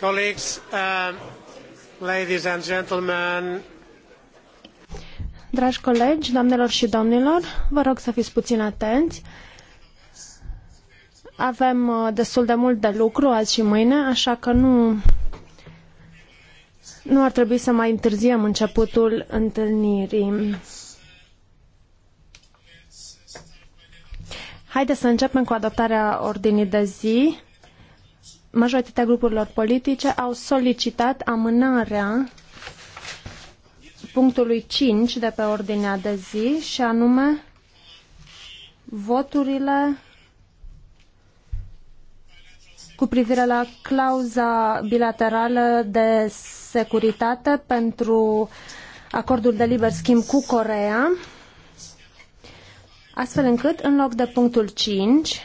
Colleagues, um, ladies and gentlemen. Dragi colegi, doamnelor și domnilor, vă rog să fiți puțin atenți. Avem uh, destul de mult de lucru azi și mâine, așa că nu, nu ar trebui să mai întârziem începutul întâlnirii. Haideți să începem cu adoptarea ordinii de zi majoritatea grupurilor politice au solicitat amânarea punctului 5 de pe ordinea de zi și anume voturile cu privire la clauza bilaterală de securitate pentru acordul de liber schimb cu Coreea, astfel încât, în loc de punctul 5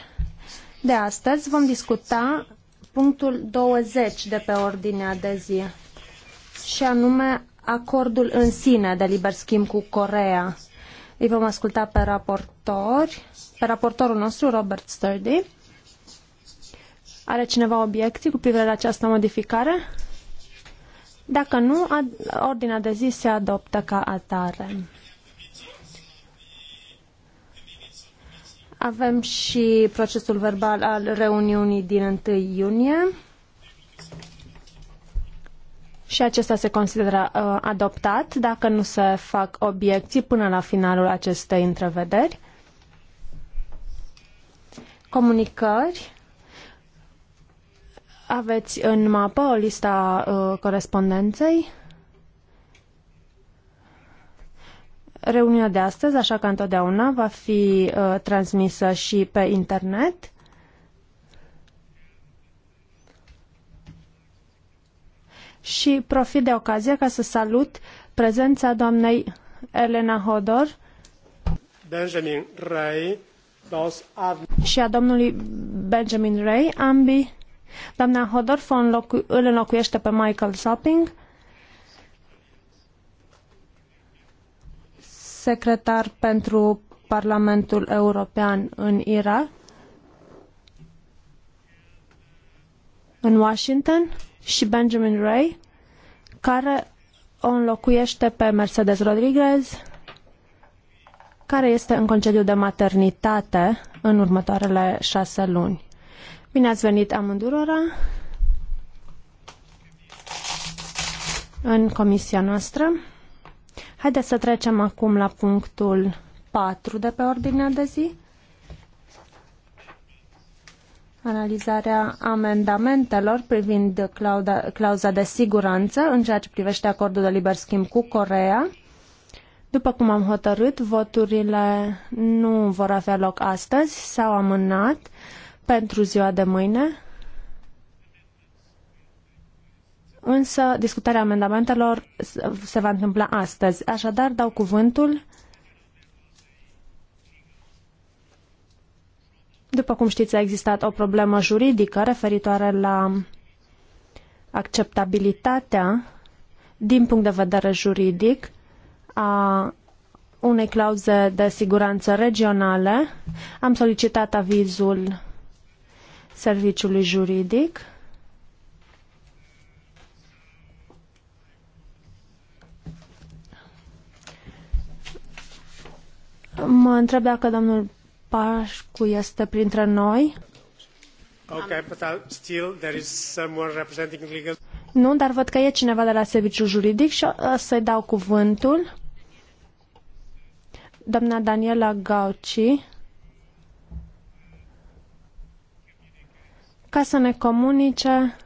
de astăzi, vom discuta punctul 20 de pe ordinea de zi, și anume acordul în sine de liber schimb cu Corea. Îi vom asculta pe raportori, pe raportorul nostru, Robert Sturdy. Are cineva obiecții cu privire la această modificare? Dacă nu, ordinea de zi se adoptă ca atare. Avem și procesul verbal al reuniunii din 1 iunie și acesta se consideră uh, adoptat dacă nu se fac obiecții până la finalul acestei întrevederi. Comunicări. Aveți în mapă o lista uh, corespondenței. Reuniunea de astăzi, așa ca întotdeauna, va fi uh, transmisă și pe internet. Și profit de ocazie ca să salut prezența doamnei Elena Hodor Benjamin Ray, și a domnului Benjamin Ray, ambii. Doamna Hodor îl înlocuiește pe Michael Sopping secretar pentru Parlamentul European în Irak, în Washington, și Benjamin Ray, care o înlocuiește pe Mercedes Rodriguez, care este în concediu de maternitate în următoarele șase luni. Bine ați venit amândurora în comisia noastră. Haideți să trecem acum la punctul 4 de pe ordinea de zi. Analizarea amendamentelor privind clauza de siguranță în ceea ce privește acordul de liber schimb cu Corea. După cum am hotărât, voturile nu vor avea loc astăzi, s-au amânat pentru ziua de mâine, însă discutarea amendamentelor se va întâmpla astăzi. Așadar, dau cuvântul. După cum știți, a existat o problemă juridică referitoare la acceptabilitatea, din punct de vedere juridic, a unei clauze de siguranță regionale. Am solicitat avizul serviciului juridic. Mă întreb dacă domnul Pașcu este printre noi. Okay, but uh, still there is someone representing legal... Nu, dar văd că e cineva de la serviciul juridic și o uh, să-i dau cuvântul. Doamna Daniela Gauci, ca să ne comunice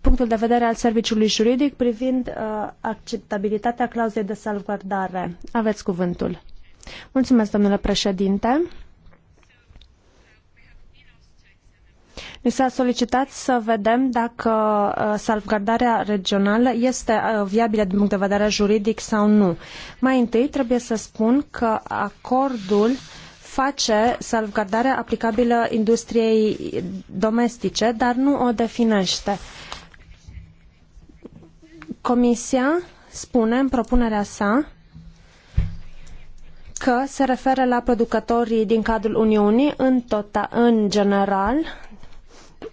punctul de vedere al serviciului juridic privind uh, acceptabilitatea clauzei de salvgardare. Aveți cuvântul. Mulțumesc, domnule președinte. Ne s-a solicitat să vedem dacă uh, salvgardarea regională este uh, viabilă din punct de vedere juridic sau nu. Mai întâi trebuie să spun că acordul face salvgardarea aplicabilă industriei domestice, dar nu o definește. Comisia spune în propunerea sa că se referă la producătorii din cadrul Uniunii în, tota, în general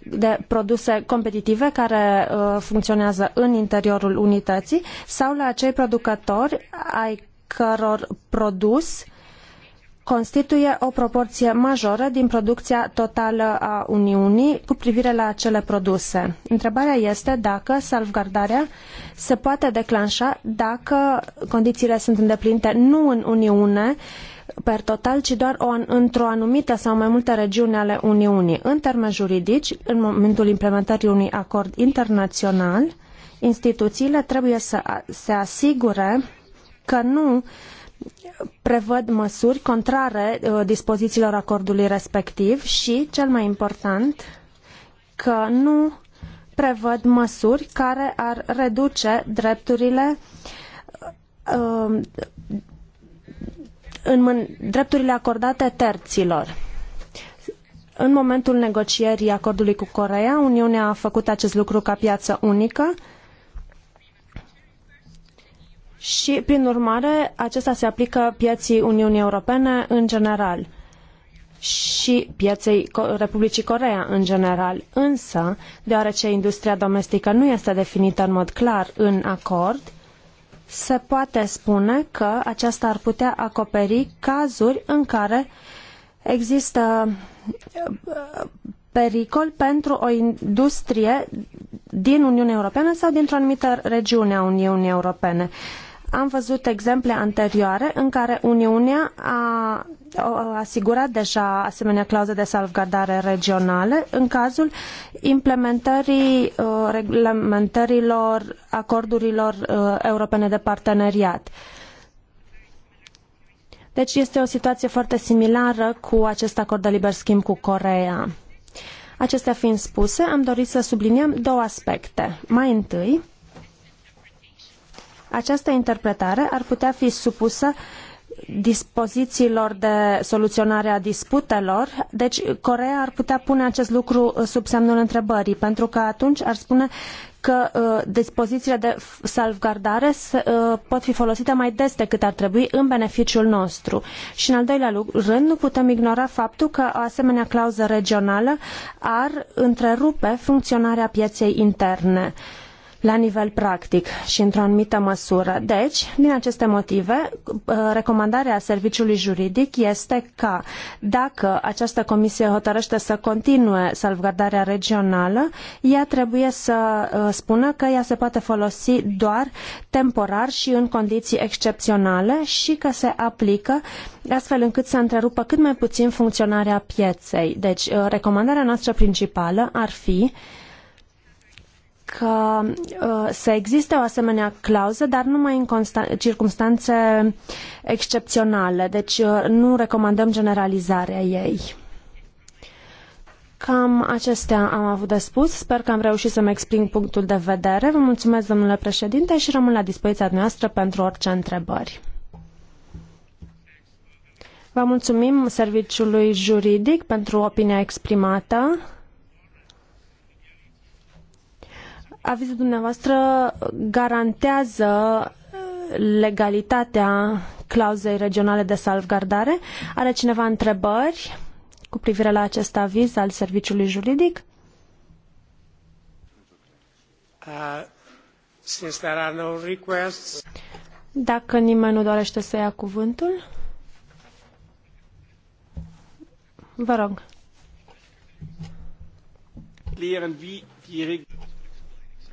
de produse competitive care uh, funcționează în interiorul unității sau la acei producători ai căror produs uh, constituie o proporție majoră din producția totală a Uniunii cu privire la acele produse. Întrebarea este dacă salvgardarea se poate declanșa dacă condițiile sunt îndeplinite nu în Uniune, per total, ci doar într-o anumită sau mai multe regiuni ale Uniunii. În termeni juridici, în momentul implementării unui acord internațional, instituțiile trebuie să se asigure că nu prevăd măsuri contrare uh, dispozițiilor acordului respectiv și, cel mai important, că nu prevăd măsuri care ar reduce drepturile uh, în drepturile acordate terților. În momentul negocierii acordului cu Coreea, Uniunea a făcut acest lucru ca piață unică, și, prin urmare, acesta se aplică piaței Uniunii Europene în general și pieței Republicii Coreea în general. Însă, deoarece industria domestică nu este definită în mod clar în acord, se poate spune că aceasta ar putea acoperi cazuri în care există uh, pericol pentru o industrie din Uniunea Europeană sau dintr-o anumită regiune a Uniunii Europene. Uh, am văzut exemple anterioare în care Uniunea a asigurat deja asemenea clauze de salvgardare regionale în cazul implementării uh, reglementărilor acordurilor uh, europene de parteneriat. Deci este o situație foarte similară cu acest acord de liber schimb cu Coreea. Acestea fiind spuse, am dorit să subliniem două aspecte. Mai întâi, această interpretare ar putea fi supusă dispozițiilor de soluționare a disputelor, deci Coreea ar putea pune acest lucru uh, sub semnul întrebării, pentru că atunci ar spune că uh, dispozițiile de salvgardare uh, pot fi folosite mai des decât ar trebui în beneficiul nostru. Și în al doilea rând, nu putem ignora faptul că o asemenea clauză regională ar întrerupe funcționarea pieței interne. Uh, la nivel practic și într-o anumită măsură. Deci, din aceste motive, uh, recomandarea serviciului juridic este ca dacă această comisie hotărăște să continue salvgardarea regională, ea trebuie să uh, spună că ea se poate folosi doar temporar și în condiții excepționale și că se aplică astfel încât să întrerupă cât mai puțin funcționarea pieței. Deci, uh, recomandarea noastră principală ar fi că uh, să existe o asemenea clauză, dar numai în circunstanțe excepționale. Deci uh, nu recomandăm generalizarea ei. Cam acestea am avut de spus. Sper că am reușit să-mi exprim punctul de vedere. Vă mulțumesc, domnule președinte, și rămân la dispoziția noastră pentru orice întrebări. Vă mulțumim serviciului juridic pentru opinia exprimată. avizul dumneavoastră garantează legalitatea clauzei regionale de salvgardare. Are cineva întrebări cu privire la acest aviz al serviciului juridic? Uh, since there are no requests... Dacă nimeni nu dorește să ia cuvântul, vă rog.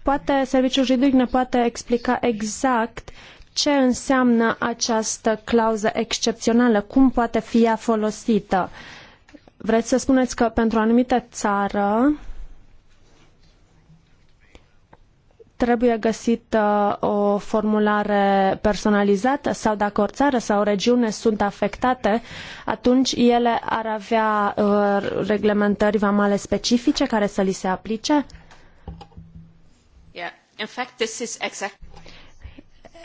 Poate serviciul juridic ne poate explica exact ce înseamnă această clauză excepțională, cum poate fi ea folosită. Vreți să spuneți că pentru o anumită țară trebuie găsită uh, o formulare personalizată sau dacă o țară sau o regiune sunt afectate, atunci ele ar avea uh, reglementări vamale specifice care să li se aplice? In fact, this is exact...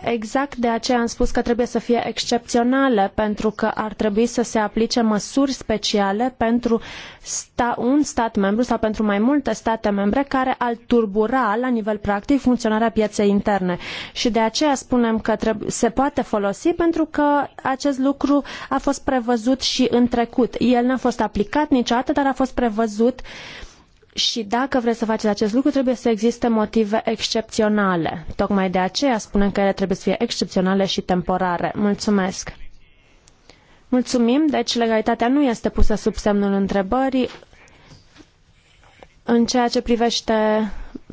Exact de aceea am spus că trebuie să fie excepționale, pentru că ar trebui să se aplice măsuri speciale pentru sta, un stat membru sau pentru mai multe state membre care ar turbura la nivel practic funcționarea pieței interne. Și de aceea spunem că se poate folosi pentru că acest lucru a fost prevăzut și în trecut. El n-a fost aplicat niciodată, dar a fost prevăzut uh, și dacă vreți să faceți acest lucru, trebuie să existe motive excepționale. Tocmai de aceea spunem că ele trebuie să fie excepționale și temporare. Mulțumesc! Mulțumim, deci legalitatea nu este pusă sub semnul întrebării în ceea ce privește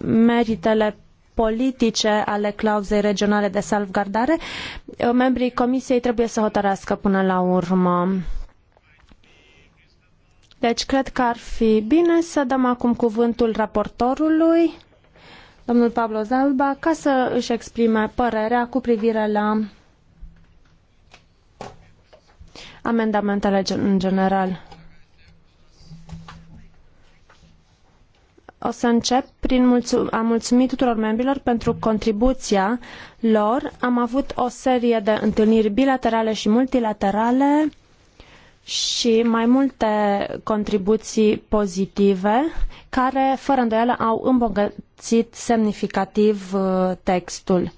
meritele politice ale clauzei regionale de salvgardare, membrii comisiei trebuie să hotărască până la urmă deci cred că ar fi bine să dăm acum cuvântul raportorului, domnul Pablo Zalba, ca să își exprime părerea cu privire la amendamentele în general. O să încep prin mulțu- a mulțumi tuturor membrilor pentru contribuția lor. Am avut o serie de întâlniri bilaterale și multilaterale și mai multe contribuții pozitive care, fără îndoială, au îmbogățit semnificativ uh, textul.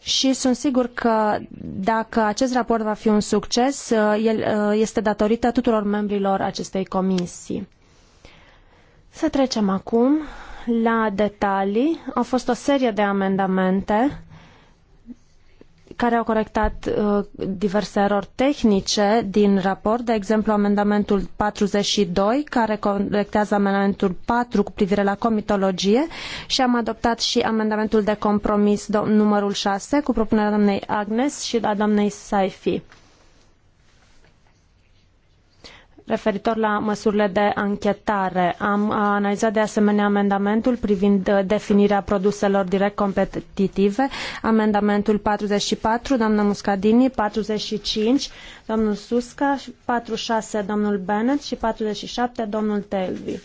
Și sunt sigur că dacă acest raport va fi un succes, uh, el uh, este datorită tuturor membrilor acestei comisii. Să trecem acum la detalii. Au fost o serie de amendamente care au corectat uh, diverse erori tehnice din raport, de exemplu amendamentul 42, care corectează amendamentul 4 cu privire la comitologie și am adoptat și amendamentul de compromis numărul 6 cu propunerea doamnei Agnes și a doamnei Saifi referitor la măsurile de anchetare. Am analizat de asemenea amendamentul privind uh, definirea produselor direct competitive, amendamentul 44, doamna Muscadini, 45, domnul Susca, 46, domnul Bennett și 47, domnul Telvi uh,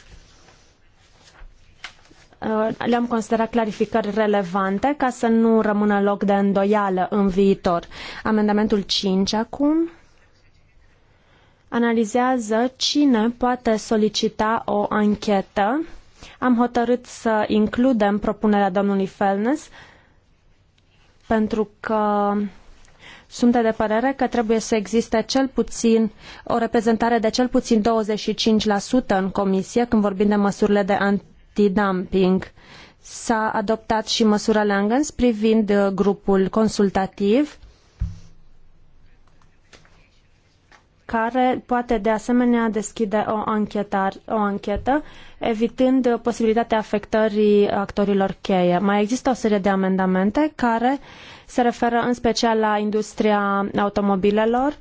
le-am considerat clarificări relevante ca să nu rămână loc de îndoială în viitor. Amendamentul 5 acum analizează cine poate solicita o anchetă. Am hotărât să includem propunerea domnului Felnes pentru că suntem de părere că trebuie să existe cel puțin o reprezentare de cel puțin 25% în comisie când vorbim de măsurile de antidumping. S-a adoptat și măsura Langens privind uh, grupul consultativ care poate de asemenea deschide o, anchetar, o anchetă, evitând posibilitatea afectării actorilor cheie. Mai există o serie de amendamente care se referă în special la industria automobilelor,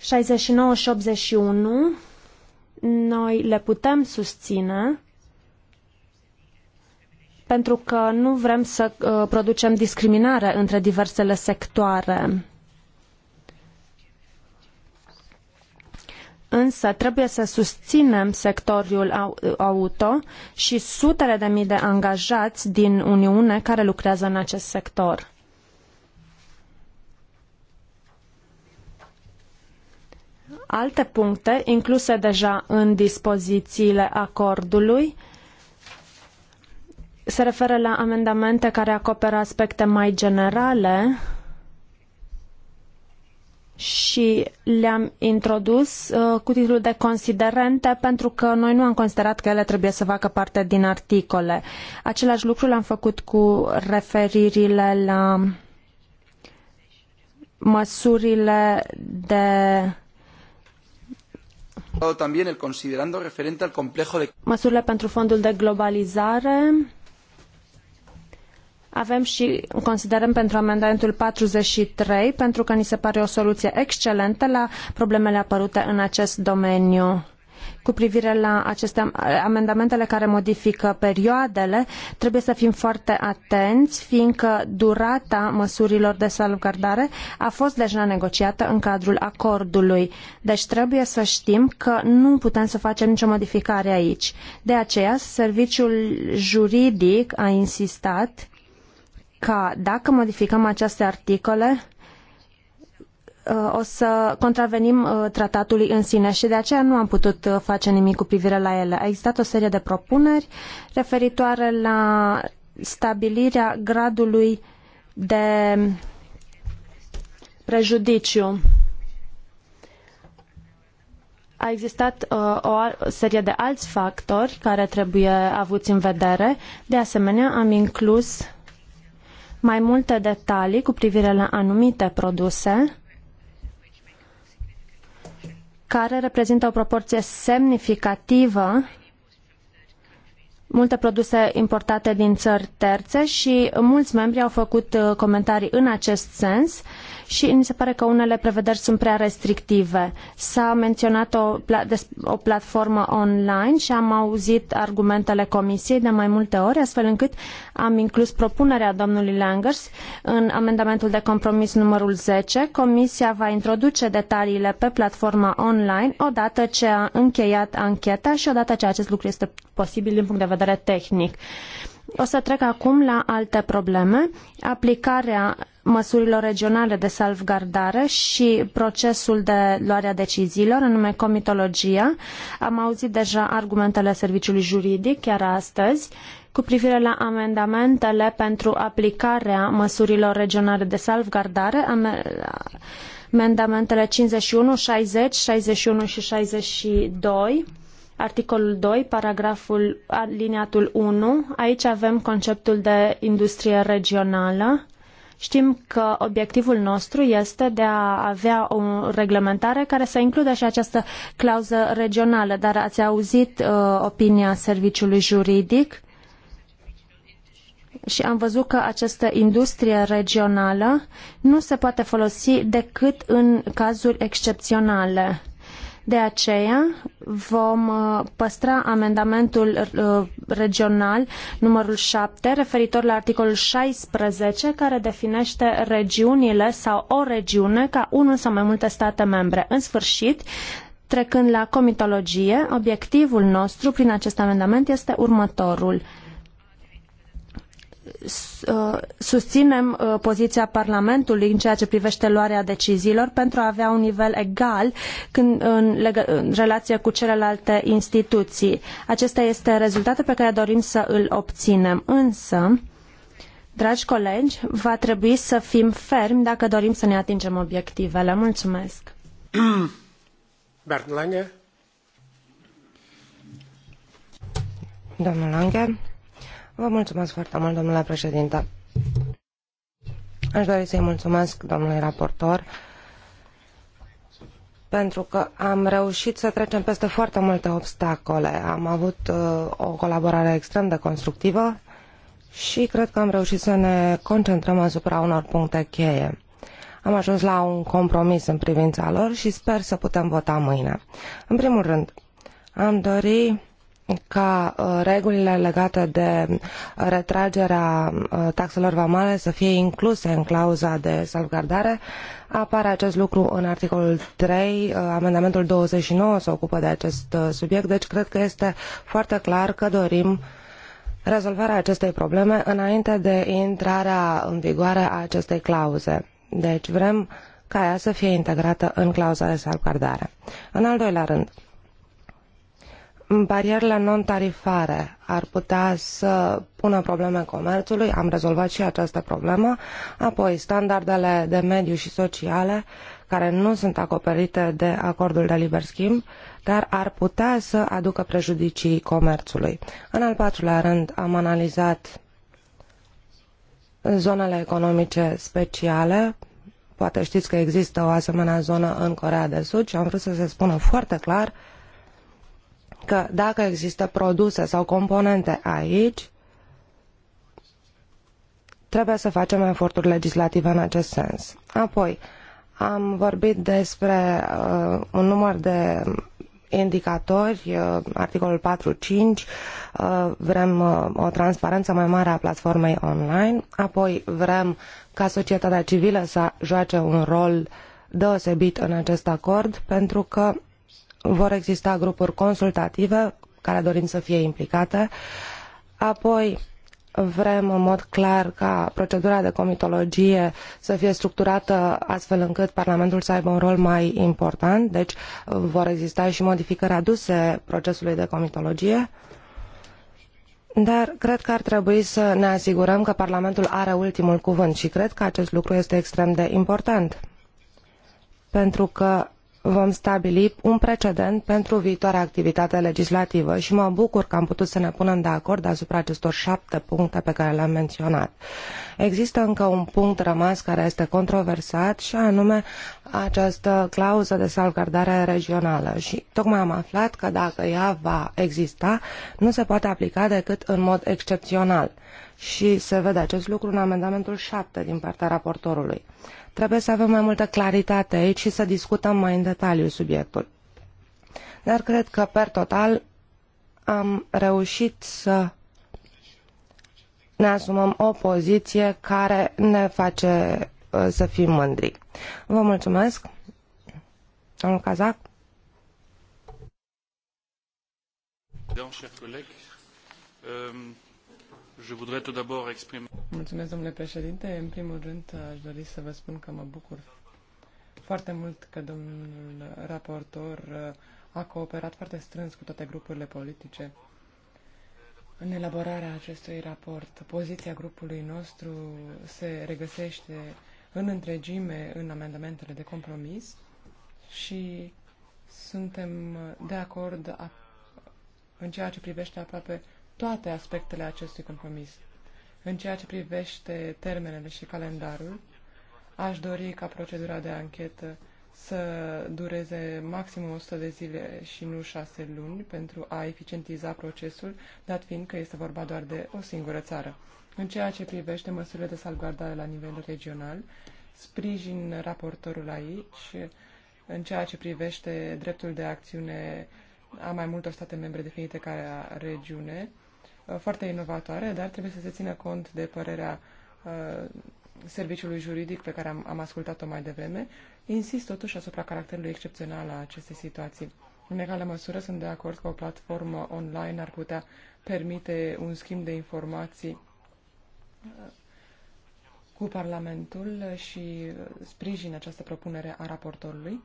69 și 81, noi le putem susține pentru că nu vrem să uh, producem discriminare între diversele sectoare. însă trebuie să susținem sectorul auto și sutele de mii de angajați din Uniune care lucrează în acest sector. Alte puncte incluse deja în dispozițiile acordului se referă la amendamente care acoperă aspecte mai generale și le-am introdus uh, cu titlul de considerente pentru că noi nu am considerat că ele trebuie să facă parte din articole. Același lucru l-am făcut cu referirile la măsurile de también el considerando referente al complejo de măsurile pentru fondul de globalizare avem și, considerăm pentru amendamentul 43, pentru că ni se pare o soluție excelentă la problemele apărute în acest domeniu cu privire la aceste amendamentele care modifică perioadele, trebuie să fim foarte atenți, fiindcă durata măsurilor de salvgardare a fost deja negociată în cadrul acordului. Deci trebuie să știm că nu putem să facem nicio modificare aici. De aceea, serviciul juridic a insistat ca dacă modificăm aceste articole, uh, o să contravenim uh, tratatului în sine și de aceea nu am putut uh, face nimic cu privire la ele. A existat o serie de propuneri referitoare la stabilirea gradului de prejudiciu. A existat o serie de alți factori care trebuie avuți în vedere. De asemenea, am inclus mai multe detalii cu privire la anumite produse care reprezintă o proporție semnificativă multe produse importate din țări terțe și mulți membri au făcut uh, comentarii în acest sens și mi se pare că unele prevederi sunt prea restrictive. S-a menționat o, o platformă online și am auzit argumentele comisiei de mai multe ori, astfel încât am inclus propunerea domnului Langers în amendamentul de compromis numărul 10. Comisia va introduce detaliile pe platforma online odată ce a încheiat ancheta și odată ce acest lucru este posibil din punct de vedere vedere tehnic. O să trec acum la alte probleme, aplicarea măsurilor regionale de salvgardare și procesul de luare a deciziilor, anume comitologia. Am auzit deja argumentele serviciului juridic chiar astăzi cu privire la amendamentele pentru aplicarea măsurilor regionale de salvgardare, amendamentele 51, 60, 61 și 62 articolul 2, paragraful aliniatul 1. Aici avem conceptul de industrie regională. Știm că obiectivul nostru este de a avea o reglementare care să includă și această clauză regională, dar ați auzit uh, opinia serviciului juridic și am văzut că această industrie regională nu se poate folosi decât în cazuri excepționale. De aceea vom uh, păstra amendamentul uh, regional numărul 7 referitor la articolul 16 care definește regiunile sau o regiune ca unul sau mai multe state membre. În sfârșit, trecând la comitologie, obiectivul nostru prin acest amendament este următorul – Uh, susținem uh, poziția Parlamentului în ceea ce privește luarea deciziilor pentru a avea un nivel egal când, în, legă, în relație cu celelalte instituții. Acesta este rezultatul pe care dorim să îl obținem. Însă, dragi colegi, va trebui să fim fermi dacă dorim să ne atingem obiectivele. Mulțumesc! Bernd Lange. Domnul Lange. Vă mulțumesc foarte mult, domnule președinte. Aș dori să-i mulțumesc domnului raportor pentru că am reușit să trecem peste foarte multe obstacole. Am avut uh, o colaborare extrem de constructivă și cred că am reușit să ne concentrăm asupra unor puncte cheie. Am ajuns la un compromis în privința lor și sper să putem vota mâine. În primul rând, am dori ca uh, regulile legate de retragerea uh, taxelor vamale să fie incluse în clauza de salvgardare. Apare acest lucru în articolul 3, uh, amendamentul 29 se ocupă de acest subiect, deci cred că este foarte clar că dorim rezolvarea acestei probleme înainte de intrarea în vigoare a acestei clauze. Deci vrem ca ea să fie integrată în clauza de salvgardare. În al doilea rând, barierele non-tarifare ar putea să pună probleme comerțului, am rezolvat și această problemă, apoi standardele de mediu și sociale care nu sunt acoperite de acordul de liber schimb, dar ar putea să aducă prejudicii comerțului. În al patrulea rând am analizat zonele economice speciale poate știți că există o asemenea zonă în Coreea de Sud și am vrut să se spună foarte clar că dacă există produse sau componente aici, trebuie să facem eforturi legislative în acest sens. Apoi, am vorbit despre uh, un număr de indicatori, uh, articolul 4.5, uh, vrem uh, o transparență mai mare a platformei online, apoi vrem ca societatea civilă să joace un rol deosebit în acest acord, pentru că vor exista grupuri consultative care dorim să fie implicate. Apoi vrem în mod clar ca procedura de comitologie să fie structurată astfel încât Parlamentul să aibă un rol mai important, deci vor exista și modificări aduse procesului de comitologie. Dar cred că ar trebui să ne asigurăm că Parlamentul are ultimul cuvânt și cred că acest lucru este extrem de important. Pentru că vom stabili un precedent pentru viitoarea activitate legislativă și mă bucur că am putut să ne punem de acord asupra acestor șapte puncte pe care le-am menționat. Există încă un punct rămas care este controversat și anume această clauză de salvgardare regională și tocmai am aflat că dacă ea va exista, nu se poate aplica decât în mod excepțional și se vede acest lucru în amendamentul 7 din partea raportorului. Trebuie să avem mai multă claritate aici și să discutăm mai în detaliu subiectul. Dar cred că, per total, am reușit să ne asumăm o poziție care ne face uh, să fim mândri. Vă mulțumesc, domnul Cazac. Domnul Je voudrais tout d'abord exprimer... Mulțumesc, domnule președinte. În primul rând, aș dori să vă spun că mă bucur foarte mult că domnul raportor uh, a cooperat foarte strâns cu toate grupurile politice în elaborarea acestui raport. Poziția grupului nostru se regăsește în întregime în amendamentele de compromis și suntem de acord în ceea ce privește aproape toate aspectele acestui compromis. În ceea ce privește termenele și calendarul, aș dori ca procedura de anchetă să dureze maxim 100 de zile și nu 6 luni pentru a eficientiza procesul, dat fiind că este vorba doar de o singură țară. În ceea ce privește măsurile de salvgardare la nivel regional, sprijin raportorul aici în ceea ce privește dreptul de acțiune a mai multor state membre definite ca regiune, Uh, foarte inovatoare, dar trebuie să se țină cont de părerea uh, serviciului juridic pe care am, am ascultat-o mai devreme. Insist totuși asupra caracterului excepțional a acestei situații. În egală măsură sunt de acord că o platformă online ar putea permite un schimb de informații uh, cu Parlamentul și sprijin această propunere a raportorului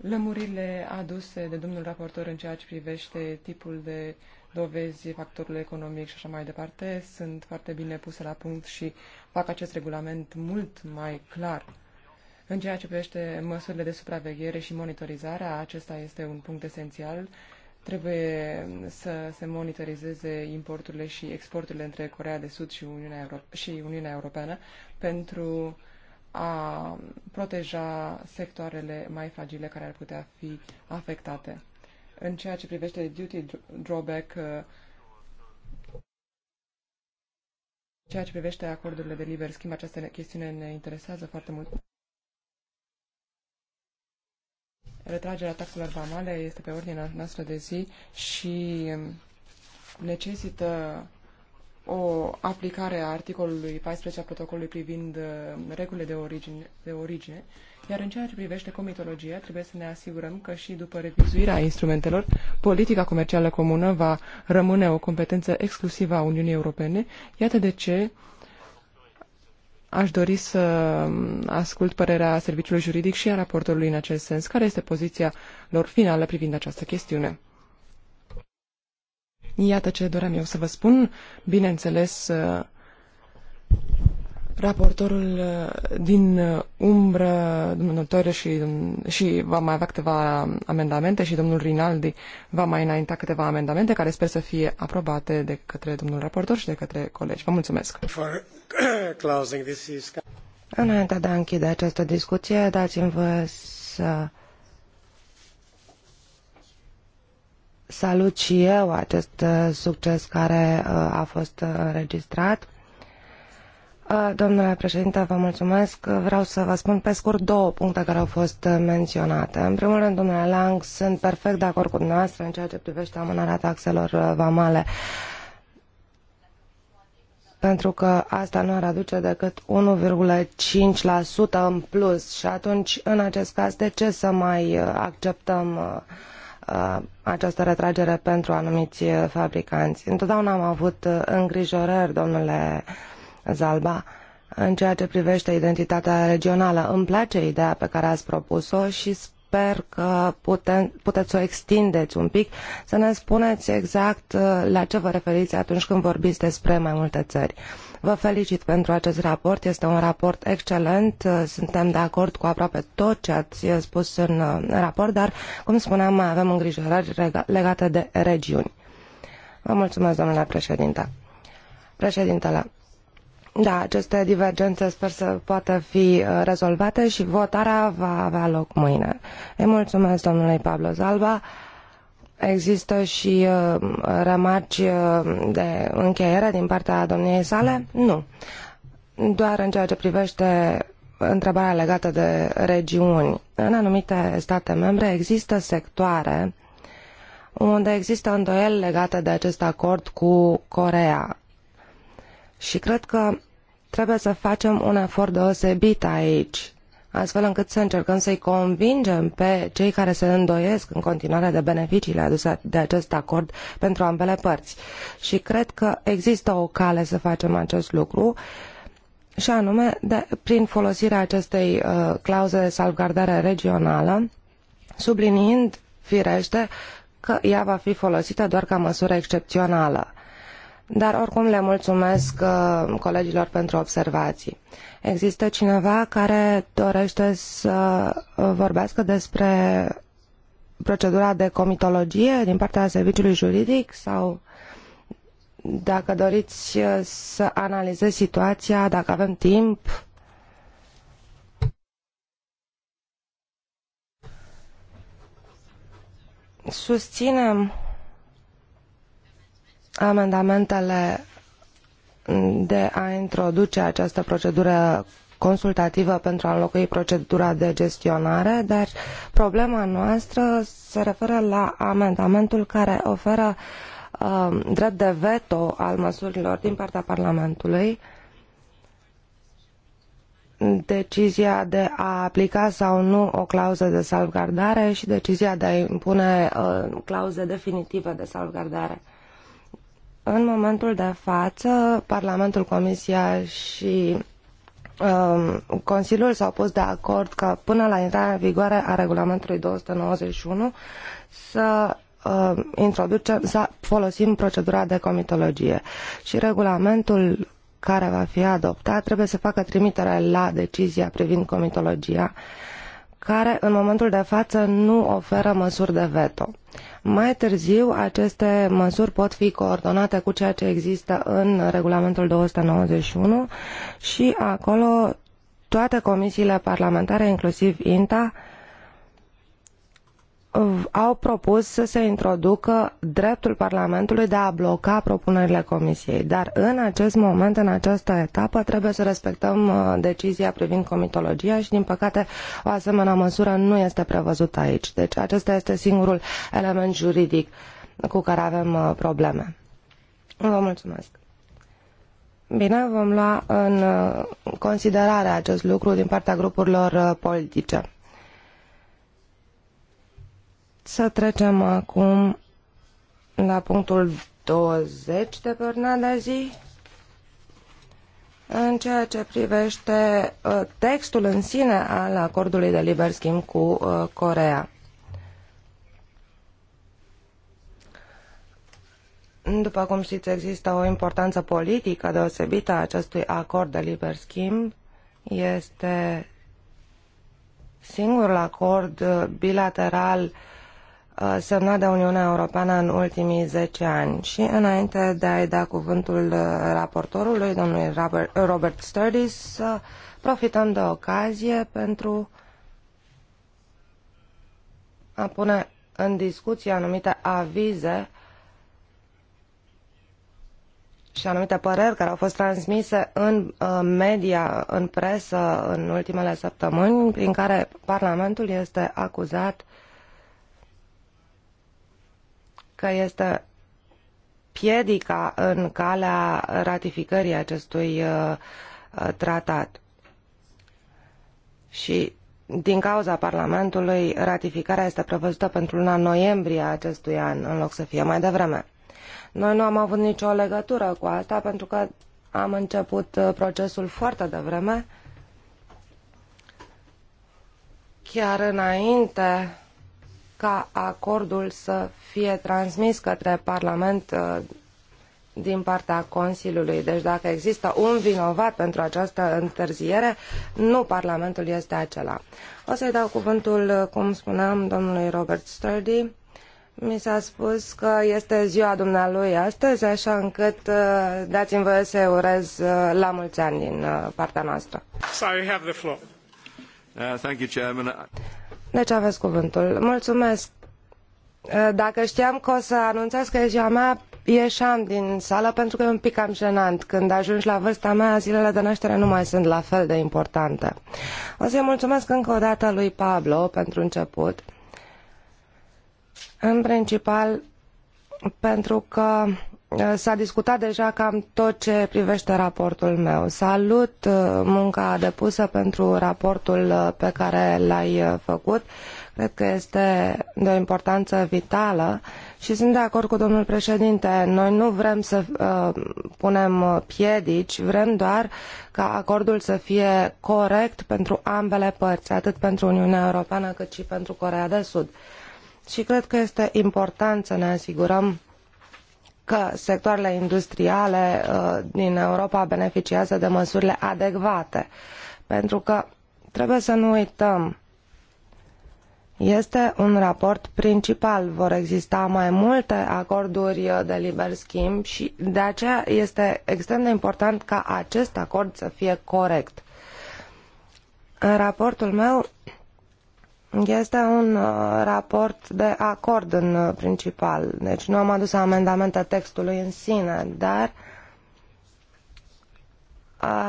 lămurile aduse de domnul raportor în ceea ce privește tipul de dovezi, factorul economic și așa mai departe sunt foarte bine puse la punct și fac acest regulament mult mai clar. În ceea ce privește măsurile de supraveghere și monitorizare, acesta este un punct esențial. Trebuie să se monitorizeze importurile și exporturile între Corea de Sud și Uniunea, și Uniunea Europeană pentru a proteja sectoarele mai fragile care ar putea fi afectate. În ceea ce privește duty drawback, uh, ceea ce privește acordurile de liber schimb, această chestiune ne interesează foarte mult. Retragerea taxelor vamale este pe ordinea noastră de zi și um, necesită o aplicare a articolului 14 a protocolului privind uh, regulile de origine, de origine, iar în ceea ce privește comitologia, trebuie să ne asigurăm că și după revizuirea instrumentelor, politica comercială comună va rămâne o competență exclusivă a Uniunii Europene. Iată de ce aș dori să um, ascult părerea serviciului juridic și a raportorului în acest sens. Care este poziția lor finală privind această chestiune? Iată ce doream eu să vă spun. Bineînțeles, uh, raportorul uh, din uh, umbră, domnul Toire și, um, și va mai avea câteva amendamente și domnul Rinaldi va mai înainta câteva amendamente care sper să fie aprobate de către domnul raportor și de către colegi. Vă mulțumesc! Înainte de a închide această discuție, dați-mi vă să salut și eu acest uh, succes care uh, a fost uh, înregistrat. Domnule președinte, vă mulțumesc. Vreau să vă spun pe scurt două puncte care au fost menționate. În primul rând, domnule Lang, sunt perfect de acord cu dumneavoastră în ceea ce privește amânarea taxelor vamale pentru că asta nu ar aduce decât 1,5% în plus și atunci, în acest caz, de ce să mai acceptăm uh, Uh, această retragere pentru anumiți uh, fabricanți. Întotdeauna am avut uh, îngrijorări, domnule Zalba, în ceea ce privește identitatea regională. Îmi place ideea pe care ați propus-o și sper că putem, puteți să o extindeți un pic, să ne spuneți exact la ce vă referiți atunci când vorbiți despre mai multe țări. Uh, Vă felicit pentru acest raport, este un raport excelent, suntem de acord cu aproape tot ce ați spus în raport, dar, cum spuneam, mai avem îngrijorări legate de regiuni. Vă mulțumesc, domnule președinte. Președintele, da, aceste divergențe sper să poată fi uh, rezolvate și votarea va avea loc mâine. Îi mulțumesc domnului Pablo Zalba. Există și uh, remarci uh, de încheiere din partea domniei sale? Nu. Doar în ceea ce privește întrebarea legată de regiuni. În anumite state membre există sectoare unde există îndoieli legate de acest acord cu Corea. Și cred că trebuie să facem un efort deosebit aici astfel încât să încercăm să-i convingem pe cei care se îndoiesc în continuare de beneficiile aduse de acest acord pentru ambele părți. Și cred că există o cale să facem acest lucru și anume de, prin folosirea acestei uh, clauze de salvgardare regională, subliniind, firește, că ea va fi folosită doar ca măsură excepțională dar oricum le mulțumesc uh, colegilor pentru observații. Există cineva care dorește să uh, vorbească despre procedura de comitologie din partea serviciului juridic sau dacă doriți uh, să analizez situația, dacă avem timp. Susținem Amendamentele de a introduce această procedură consultativă pentru a înlocui procedura de gestionare, dar problema noastră se referă la amendamentul care oferă um, drept de veto al măsurilor din partea Parlamentului decizia de a aplica sau nu o clauză de salvgardare și decizia de a impune uh, clauze definitive de salvgardare. Uh, în momentul de față, Parlamentul, Comisia și um, Consiliul s-au pus de acord că până la intrarea în vigoare a regulamentului 291 să um, introducem, să folosim procedura de comitologie. Și regulamentul care va fi adoptat trebuie să facă trimitere la decizia privind comitologia, care în momentul de față nu oferă măsuri de veto. Mai târziu, aceste măsuri pot fi coordonate cu ceea ce există în regulamentul 291 și acolo toate comisiile parlamentare, inclusiv INTA, Uh, au propus să se introducă dreptul Parlamentului de a bloca propunerile Comisiei. Dar în acest moment, în această etapă, trebuie să respectăm uh, decizia privind comitologia și, din păcate, o asemenea măsură nu este prevăzută aici. Deci acesta este singurul element juridic cu care avem uh, probleme. Vă mulțumesc. Bine, vom lua în considerare acest lucru din partea grupurilor politice. Să trecem acum la punctul 20 de pe ordinea de zi. În ceea ce privește uh, textul în sine al acordului de liber schimb cu uh, Corea. După cum știți, există o importanță politică deosebită a acestui acord de liber schimb. Este singurul acord uh, bilateral uh, Uh, semnat de Uniunea Europeană în ultimii 10 ani. Și înainte de a-i da cuvântul uh, raportorului, domnului Robert, Robert Sturdy, profităm de ocazie pentru a pune în discuție anumite avize și anumite păreri care au fost transmise în uh, media, în presă, în ultimele săptămâni, prin care Parlamentul este acuzat că este piedica în calea ratificării acestui uh, uh, tratat. Și din cauza Parlamentului, ratificarea este prevăzută pentru luna noiembrie a acestui an, în loc să fie mai devreme. Noi nu am avut nicio legătură cu asta pentru că am început uh, procesul foarte devreme, chiar înainte ca acordul să fie transmis către Parlament uh, din partea Consiliului. Deci dacă există un vinovat pentru această întârziere, nu Parlamentul este acela. O să-i dau cuvântul, uh, cum spuneam, domnului Robert Sturdy. Mi s-a spus că este ziua dumnealui astăzi, așa încât uh, dați-mi voie să urez la mulți ani din partea noastră. Sorry, have the floor. Uh, thank you, Chairman. Deci aveți cuvântul. Mulțumesc. Dacă știam că o să anunțați că e mea, ieșeam din sală pentru că e un pic cam jenant. Când ajungi la vârsta mea, zilele de naștere nu mai sunt la fel de importante. O să-i mulțumesc încă o dată lui Pablo pentru început. În principal, pentru că Eh, s-a discutat deja cam tot ce privește raportul meu. Salut eh, munca depusă pentru raportul eh, pe care l-ai făcut. Cred că este de o importanță vitală și sunt de acord cu domnul președinte. Noi nu vrem să uh, punem piedici, vrem doar ca acordul să fie corect pentru ambele părți, atât pentru Uniunea Europeană cât și pentru Coreea de Sud. Și cred că este important să ne asigurăm că sectoarele industriale uh, din Europa beneficiază de măsurile adecvate. Pentru că trebuie să nu uităm este un raport principal. Vor exista mai multe acorduri uh, de liber schimb și de aceea este extrem de important ca acest acord să fie corect. În raportul meu este un uh, raport de acord în uh, principal, deci nu am adus amendamente textului în sine, dar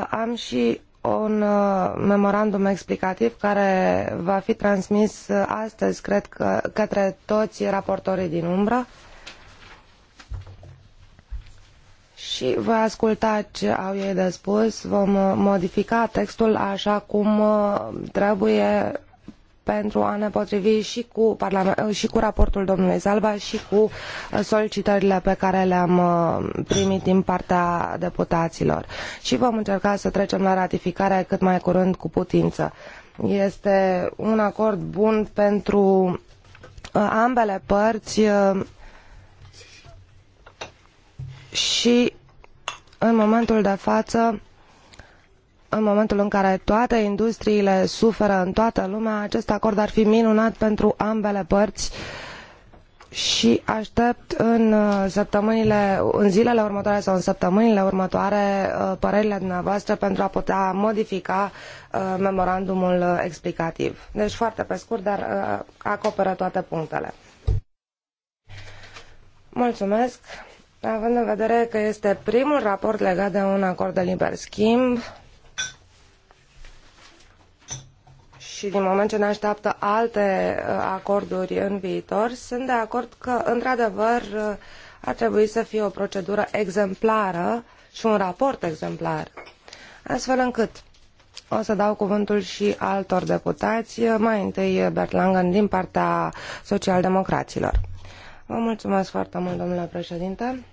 am și un uh, memorandum explicativ care va fi transmis astăzi, cred că, către toți raportorii din umbră și voi asculta ce au ei de spus, vom modifica textul așa cum trebuie pentru a ne potrivi și cu, și cu raportul domnului Salva și cu uh, solicitările pe care le-am uh, primit din partea deputaților. Și vom încerca să trecem la ratificare cât mai curând cu putință. Este un acord bun pentru uh, ambele părți și în momentul de față în momentul în care toate industriile suferă în toată lumea, acest acord ar fi minunat pentru ambele părți și aștept în uh, săptămânile, în zilele următoare sau în săptămânile următoare uh, părerile dumneavoastră pentru a putea modifica uh, memorandumul explicativ. Deci foarte pe scurt, dar acoperă toate punctele. Mulțumesc. Având în vedere că este primul raport legat de un acord de liber schimb, și din moment ce ne așteaptă alte uh, acorduri în viitor, sunt de acord că, într-adevăr, uh, ar trebui să fie o procedură exemplară și un raport exemplar, astfel încât o să dau cuvântul și altor deputați, mai întâi Bert Langen din partea socialdemocraților. Vă mulțumesc foarte mult, domnule președinte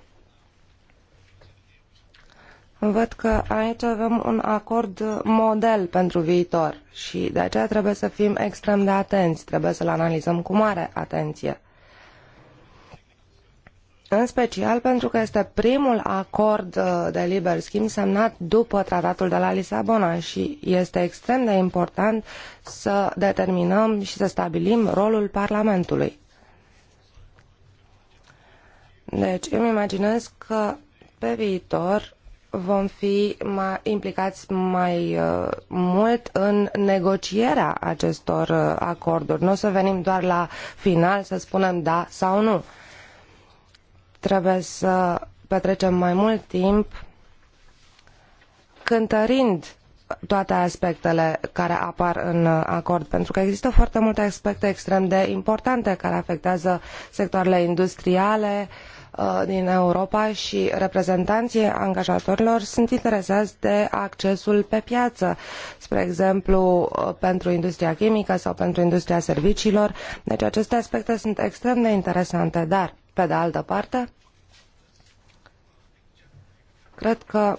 văd că aici avem un acord model pentru viitor și de aceea trebuie să fim extrem de atenți, trebuie să-l analizăm cu mare atenție. În special pentru că este primul acord uh, de liber schimb semnat după tratatul de la Lisabona și este extrem de important să determinăm și să stabilim rolul Parlamentului. Deci îmi imaginez că pe viitor vom fi mai implicați mai uh, mult în negocierea acestor uh, acorduri. Nu o să venim doar la final să spunem da sau nu. Trebuie să petrecem mai mult timp cântărind toate aspectele care apar în uh, acord, pentru că există foarte multe aspecte extrem de importante care afectează sectoarele industriale, uh, Uh, din Europa și reprezentanții angajatorilor sunt interesați de accesul pe piață, spre exemplu uh, pentru industria chimică sau pentru industria serviciilor. Deci aceste aspecte sunt extrem de interesante, dar, pe de altă parte, cred că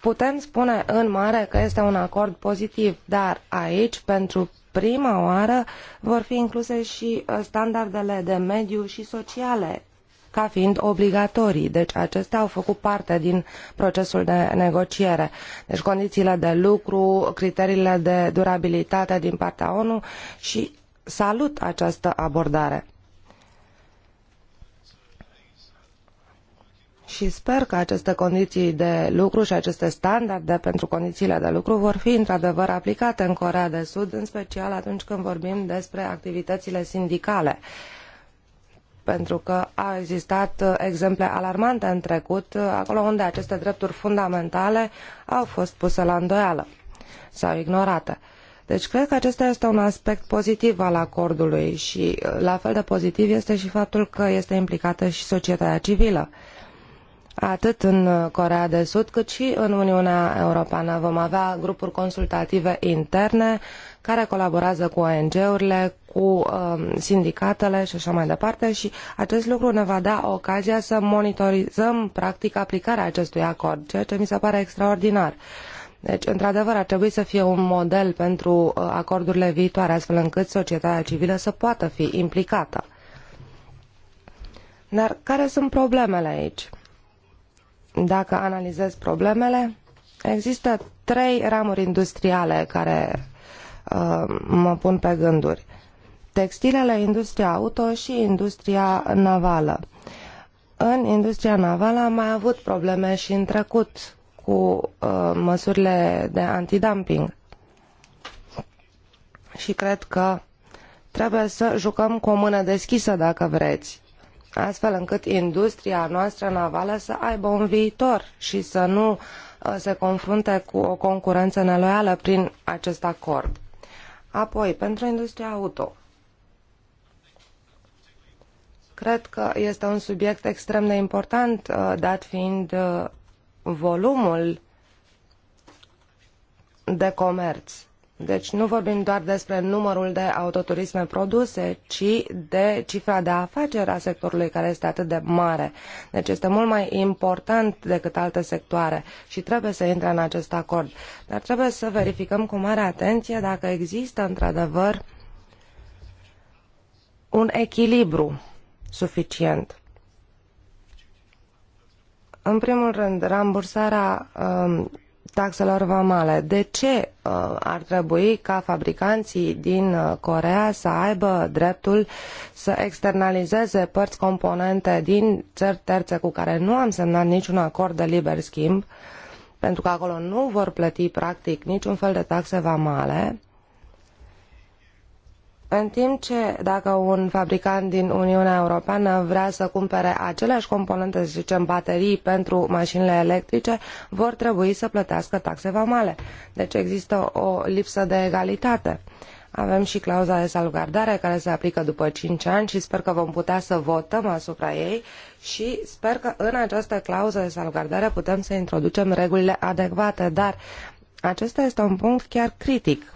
putem spune în mare că este un acord pozitiv, dar aici, pentru prima oară vor fi incluse și uh, standardele de mediu și sociale ca fiind obligatorii. Deci acestea au făcut parte din procesul de negociere. Deci condițiile de lucru, criteriile de durabilitate din partea ONU și salut această abordare. și sper că aceste condiții de lucru și aceste standarde pentru condițiile de lucru vor fi într-adevăr aplicate în coreea de Sud, în special atunci când vorbim despre activitățile sindicale. Pentru că au existat exemple alarmante în trecut, acolo unde aceste drepturi fundamentale au fost puse la îndoială sau ignorate. Deci cred că acesta este un aspect pozitiv al acordului și la fel de pozitiv este și faptul că este implicată și societatea civilă. Uh, atât în Coreea de Sud cât și în Uniunea Europeană. Vom avea grupuri consultative interne care colaborează cu ONG-urile, cu um, sindicatele și așa mai departe și acest lucru ne va da ocazia să monitorizăm practic aplicarea acestui acord, ceea ce mi se pare extraordinar. Deci, într-adevăr, ar trebui să fie un model pentru uh, acordurile viitoare, astfel încât societatea civilă să poată fi implicată. Dar care sunt problemele aici? Dacă analizez problemele, există trei ramuri industriale care uh, mă pun pe gânduri. Textilele, industria auto și industria navală. În industria navală am mai avut probleme și în trecut cu uh, măsurile de antidumping. Și cred că trebuie să jucăm cu o mână deschisă dacă vreți astfel încât industria noastră navală să aibă un viitor și să nu uh, se confrunte cu o concurență neloială prin acest acord. Apoi, pentru industria auto. Cred că este un subiect extrem de important, uh, dat fiind uh, volumul de comerț deci nu vorbim doar despre numărul de autoturisme produse, ci de cifra de afaceri a sectorului care este atât de mare. Deci este mult mai important decât alte sectoare și trebuie să intre în acest acord. Dar trebuie să verificăm cu mare atenție dacă există într-adevăr un echilibru suficient. În primul rând, rambursarea um, taxelor vamale. De ce uh, ar trebui ca fabricanții din uh, Corea să aibă dreptul să externalizeze părți componente din țări terțe cu care nu am semnat niciun acord de liber schimb, pentru că acolo nu vor plăti practic niciun fel de taxe vamale, în timp ce dacă un fabricant din Uniunea Europeană vrea să cumpere aceleași componente, să zicem baterii pentru mașinile electrice, vor trebui să plătească taxe vamale. Deci există o lipsă de egalitate. Avem și clauza de salvgardare care se aplică după 5 ani și sper că vom putea să votăm asupra ei și sper că în această clauză de salvgardare putem să introducem regulile adecvate, dar acesta este un punct chiar critic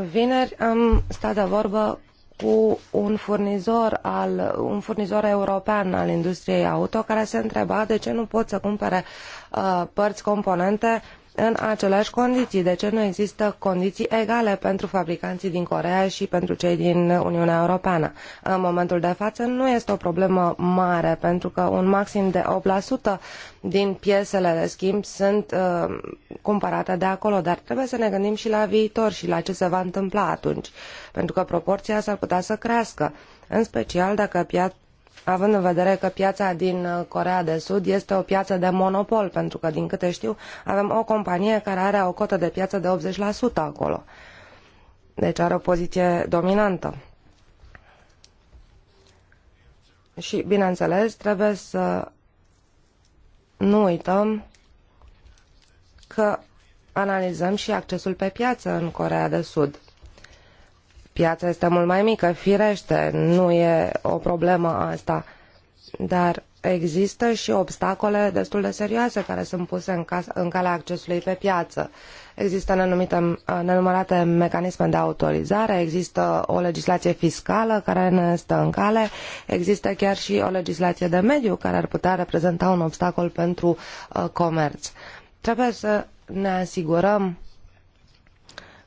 Vineri am stat de vorbă cu un furnizor, al, un furnizor european al industriei auto care se întreba de ce nu pot să cumpere uh, părți, componente în aceleași condiții. De ce nu există condiții egale pentru fabricanții din Coreea și pentru cei din Uniunea Europeană? În momentul de față nu este o problemă mare, pentru că un maxim de 8% din piesele de schimb sunt uh, cumpărate de acolo, dar trebuie să ne gândim și la viitor și la ce se va întâmpla atunci, pentru că proporția s-ar putea să crească, în special dacă având în vedere că piața din uh, Corea de Sud este o piață de monopol, pentru că, din câte știu, avem o companie care are o cotă de piață de 80% acolo. Deci are o poziție dominantă. Și, bineînțeles, trebuie să nu uităm că analizăm și accesul pe piață în Corea de Sud piața este mult mai mică, firește, nu e o problemă asta. Dar există și obstacole destul de serioase care sunt puse în, cas- în calea accesului pe piață. Există nenumite, nenumărate mecanisme de autorizare, există o legislație fiscală care ne stă în cale, există chiar și o legislație de mediu care ar putea reprezenta un obstacol pentru uh, comerț. Trebuie să ne asigurăm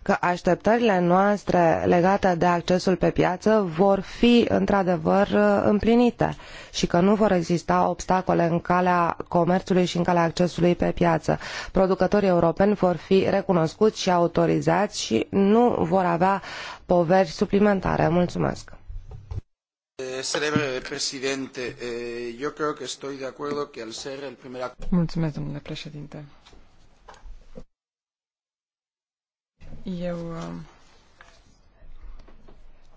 că așteptările noastre legate de accesul pe piață vor fi într-adevăr împlinite și că nu vor exista obstacole în calea comerțului și în calea accesului pe piață. Producătorii europeni vor fi recunoscuți și autorizați și nu vor avea poveri suplimentare. Mulțumesc! Mulțumesc, domnule președinte. Eu, uh,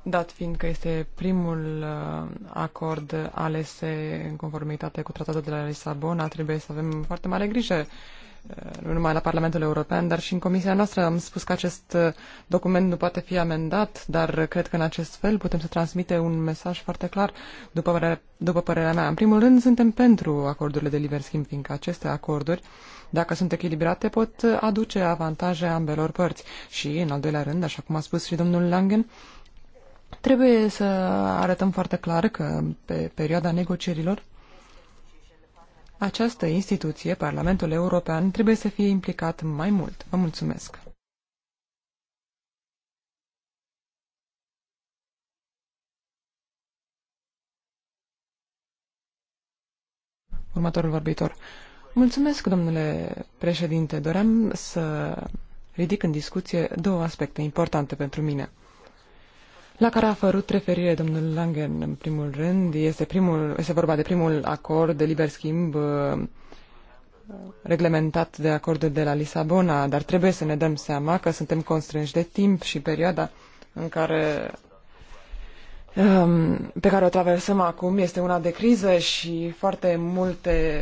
dat fiind că este primul uh, acord ales în conformitate cu tratatul de la Lisabona, trebuie să avem foarte mare grijă uh, nu numai la Parlamentul European, dar și în comisia noastră am spus că acest document nu poate fi amendat, dar cred că în acest fel putem să transmite un mesaj foarte clar, după părerea, după părerea mea. În primul rând, suntem pentru acordurile de liber schimb, fiindcă aceste acorduri dacă sunt echilibrate, pot aduce avantaje ambelor părți. Și, în al doilea rând, așa cum a spus și domnul Langen, trebuie să arătăm foarte clar că pe perioada negocierilor această instituție, Parlamentul European, trebuie să fie implicat mai mult. Vă mulțumesc! Următorul vorbitor. Mulțumesc, domnule președinte. Doream să ridic în discuție două aspecte importante pentru mine la care a făcut referire domnul Langen în primul rând. Este, primul, este vorba de primul acord de liber schimb uh, reglementat de acordul de la Lisabona, dar trebuie să ne dăm seama că suntem constrânși de timp și perioada în care um, pe care o traversăm acum este una de criză și foarte multe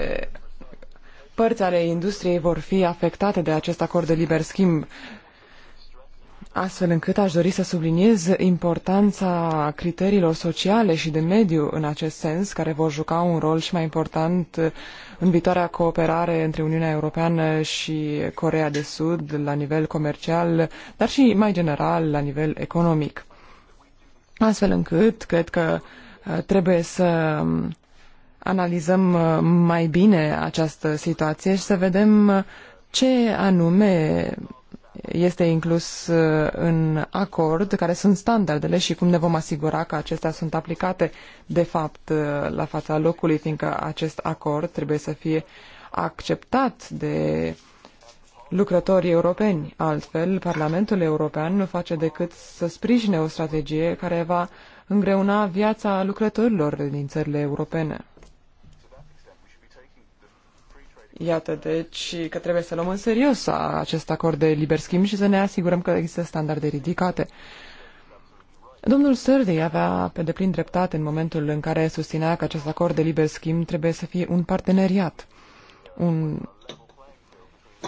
părți ale industriei vor fi afectate de acest acord de liber schimb. Astfel încât aș dori să subliniez importanța criteriilor sociale și de mediu în acest sens, care vor juca un rol și mai important în viitoarea cooperare între Uniunea Europeană și Coreea de Sud la nivel comercial, dar și mai general la nivel economic. Astfel încât cred că trebuie să analizăm uh, mai bine această situație și să vedem uh, ce anume este inclus uh, în acord, care sunt standardele și cum ne vom asigura că acestea sunt aplicate de fapt la fața locului, fiindcă acest acord trebuie să fie acceptat de lucrătorii europeni. Altfel, Parlamentul European nu face decât să sprijine o strategie care va îngreuna viața lucrătorilor din țările europene. Iată, deci, că trebuie să luăm în serios acest acord de liber schimb și să ne asigurăm că există standarde ridicate. Domnul Sărdei avea pe deplin dreptate în momentul în care susținea că acest acord de liber schimb trebuie să fie un parteneriat. Un,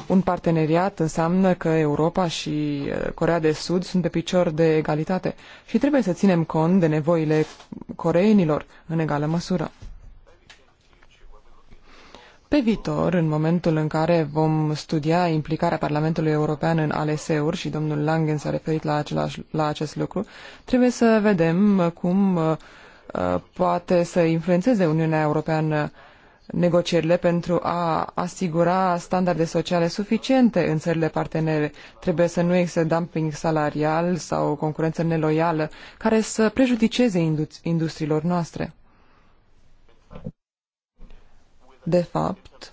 un parteneriat înseamnă că Europa și uh, Corea de Sud sunt pe picior de egalitate și trebuie să ținem cont de nevoile coreenilor în egală măsură. Pe viitor, în momentul în care vom studia implicarea Parlamentului European în ALSE-uri, și domnul Langen s-a referit la, același, la acest lucru, trebuie să vedem cum uh, uh, poate să influențeze Uniunea Europeană negocierile pentru a asigura standarde sociale suficiente în țările partenere. Trebuie să nu existe dumping salarial sau concurență neloială care să prejudiceze industriilor noastre. De fapt,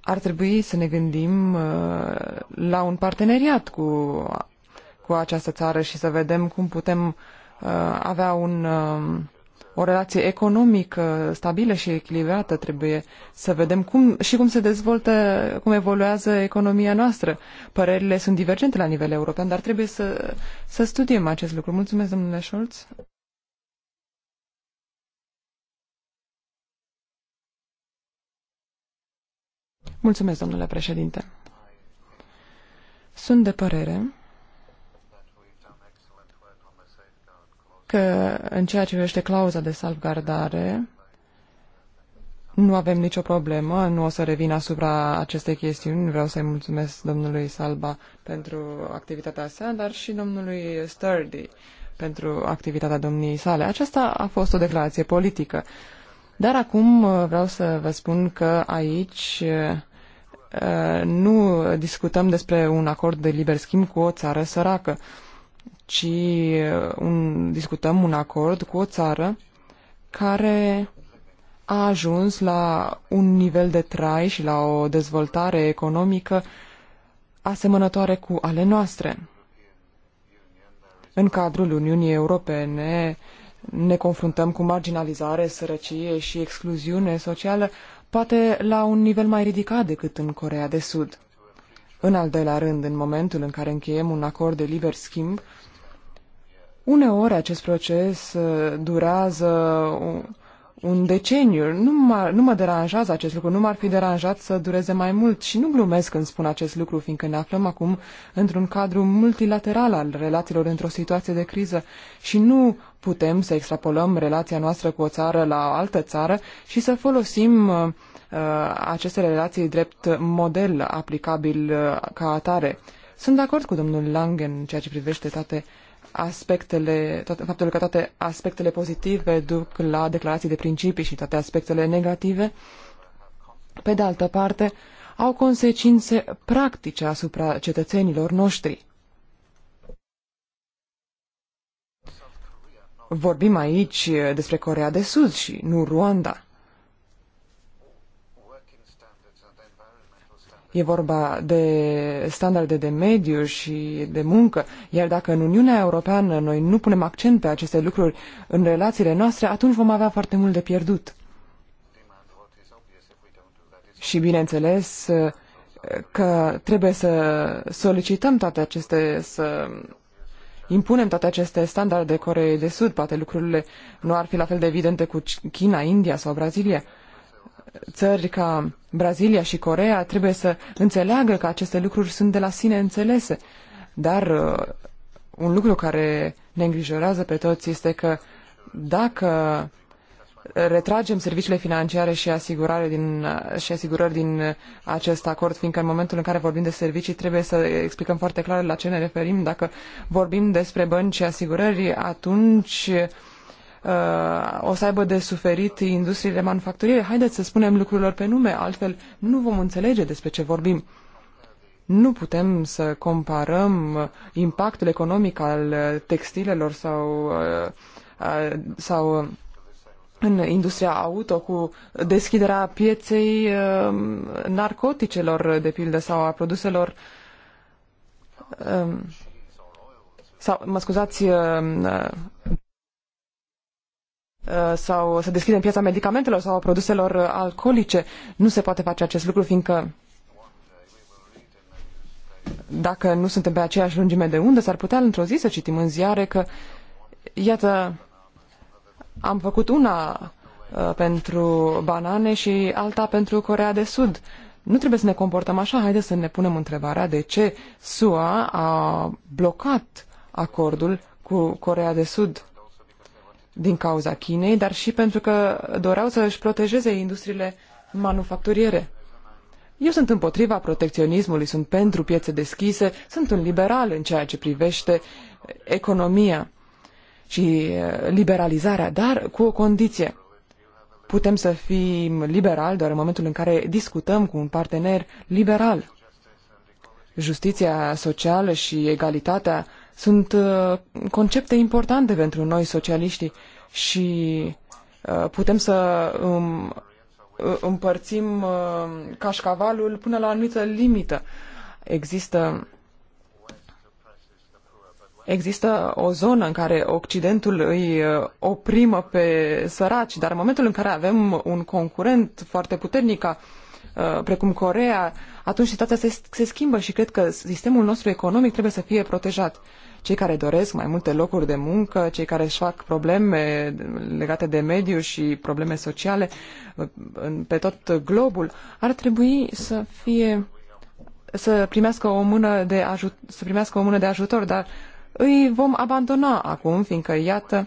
ar trebui să ne gândim uh, la un parteneriat cu, cu această țară și să vedem cum putem uh, avea un, uh, o relație economică stabilă și echilibrată. Trebuie să vedem cum, și cum se dezvoltă, cum evoluează economia noastră. Părerile sunt divergente la nivel european, dar trebuie să, să studiem acest lucru. Mulțumesc, domnule Scholz. Mulțumesc, domnule președinte. Sunt de părere că în ceea ce privește clauza de salvgardare nu avem nicio problemă, nu o să revin asupra acestei chestiuni. Vreau să-i mulțumesc domnului Salba pentru activitatea sa, dar și domnului Sturdy pentru activitatea domniei sale. Aceasta a fost o declarație politică. Dar acum uh, vreau să vă spun că aici uh, Uh, nu discutăm despre un acord de liber schimb cu o țară săracă, ci uh, un, discutăm un acord cu o țară care a ajuns la un nivel de trai și la o dezvoltare economică asemănătoare cu ale noastre. În cadrul Uniunii Europene ne confruntăm cu marginalizare, sărăcie și excluziune socială, poate la un nivel mai ridicat decât în Corea de Sud. În al doilea rând, în momentul în care încheiem un acord de liber schimb, uneori acest proces uh, durează un deceniu. Nu, mă, nu mă deranjează acest lucru, nu m-ar fi deranjat să dureze mai mult și nu glumesc când spun acest lucru, fiindcă ne aflăm acum într-un cadru multilateral al relațiilor într-o situație de criză și nu putem să extrapolăm relația noastră cu o țară la altă țară și să folosim uh, uh, aceste relații drept model aplicabil uh, ca atare. Sunt de acord cu domnul Langen în ceea ce privește toate aspectele, toate, faptul că toate aspectele pozitive duc la declarații de principii și toate aspectele negative. Pe de altă parte, au consecințe practice asupra cetățenilor noștri. Vorbim aici despre Corea de Sud și nu Ruanda. E vorba de standarde de mediu și de muncă, iar dacă în Uniunea Europeană noi nu punem accent pe aceste lucruri în relațiile noastre, atunci vom avea foarte mult de pierdut. Și bineînțeles că trebuie să solicităm toate aceste, să impunem toate aceste standarde Coreei de Sud. Poate lucrurile nu ar fi la fel de evidente cu China, India sau Brazilia. Țări ca Brazilia și Corea trebuie să înțeleagă că aceste lucruri sunt de la sine înțelese. Dar uh, un lucru care ne îngrijorează pe toți este că dacă retragem serviciile financiare și, asigurare din, și asigurări din acest acord, fiindcă în momentul în care vorbim de servicii trebuie să explicăm foarte clar la ce ne referim. Dacă vorbim despre bănci și asigurări, atunci uh, o să aibă de suferit industriile manufacturiere. Haideți să spunem lucrurilor pe nume, altfel nu vom înțelege despre ce vorbim. Nu putem să comparăm impactul economic al textilelor sau, uh, uh, sau uh, în industria auto, cu deschiderea pieței um, narcoticelor, de pildă, sau a produselor um, sau, mă scuzați, um, uh, sau să deschidem piața medicamentelor sau a produselor alcoolice. Nu se poate face acest lucru, fiindcă dacă nu suntem pe aceeași lungime de undă, s-ar putea într-o zi să citim în ziare că, iată, am făcut una uh, pentru banane și alta pentru Corea de Sud. Nu trebuie să ne comportăm așa. Haideți să ne punem întrebarea de ce SUA a blocat acordul cu Corea de Sud din cauza Chinei, dar și pentru că doreau să își protejeze industriile manufacturiere. Eu sunt împotriva protecționismului, sunt pentru piețe deschise, sunt un liberal în ceea ce privește economia și uh, liberalizarea, dar cu o condiție. Putem să fim liberali doar în momentul în care discutăm cu un partener liberal. Justiția socială și egalitatea sunt uh, concepte importante pentru noi socialiștii și uh, putem să um, împărțim cașcavalul până la o anumită limită. Există există o zonă în care Occidentul îi uh, oprimă pe săraci, dar în momentul în care avem un concurent foarte puternic ca uh, precum Corea, atunci situația se, se schimbă și cred că sistemul nostru economic trebuie să fie protejat. Cei care doresc mai multe locuri de muncă, cei care își fac probleme legate de mediu și probleme sociale uh, pe tot globul, ar trebui să fie să primească o mână de ajut, să primească o mână de ajutor, dar îi vom abandona acum, fiindcă, iată,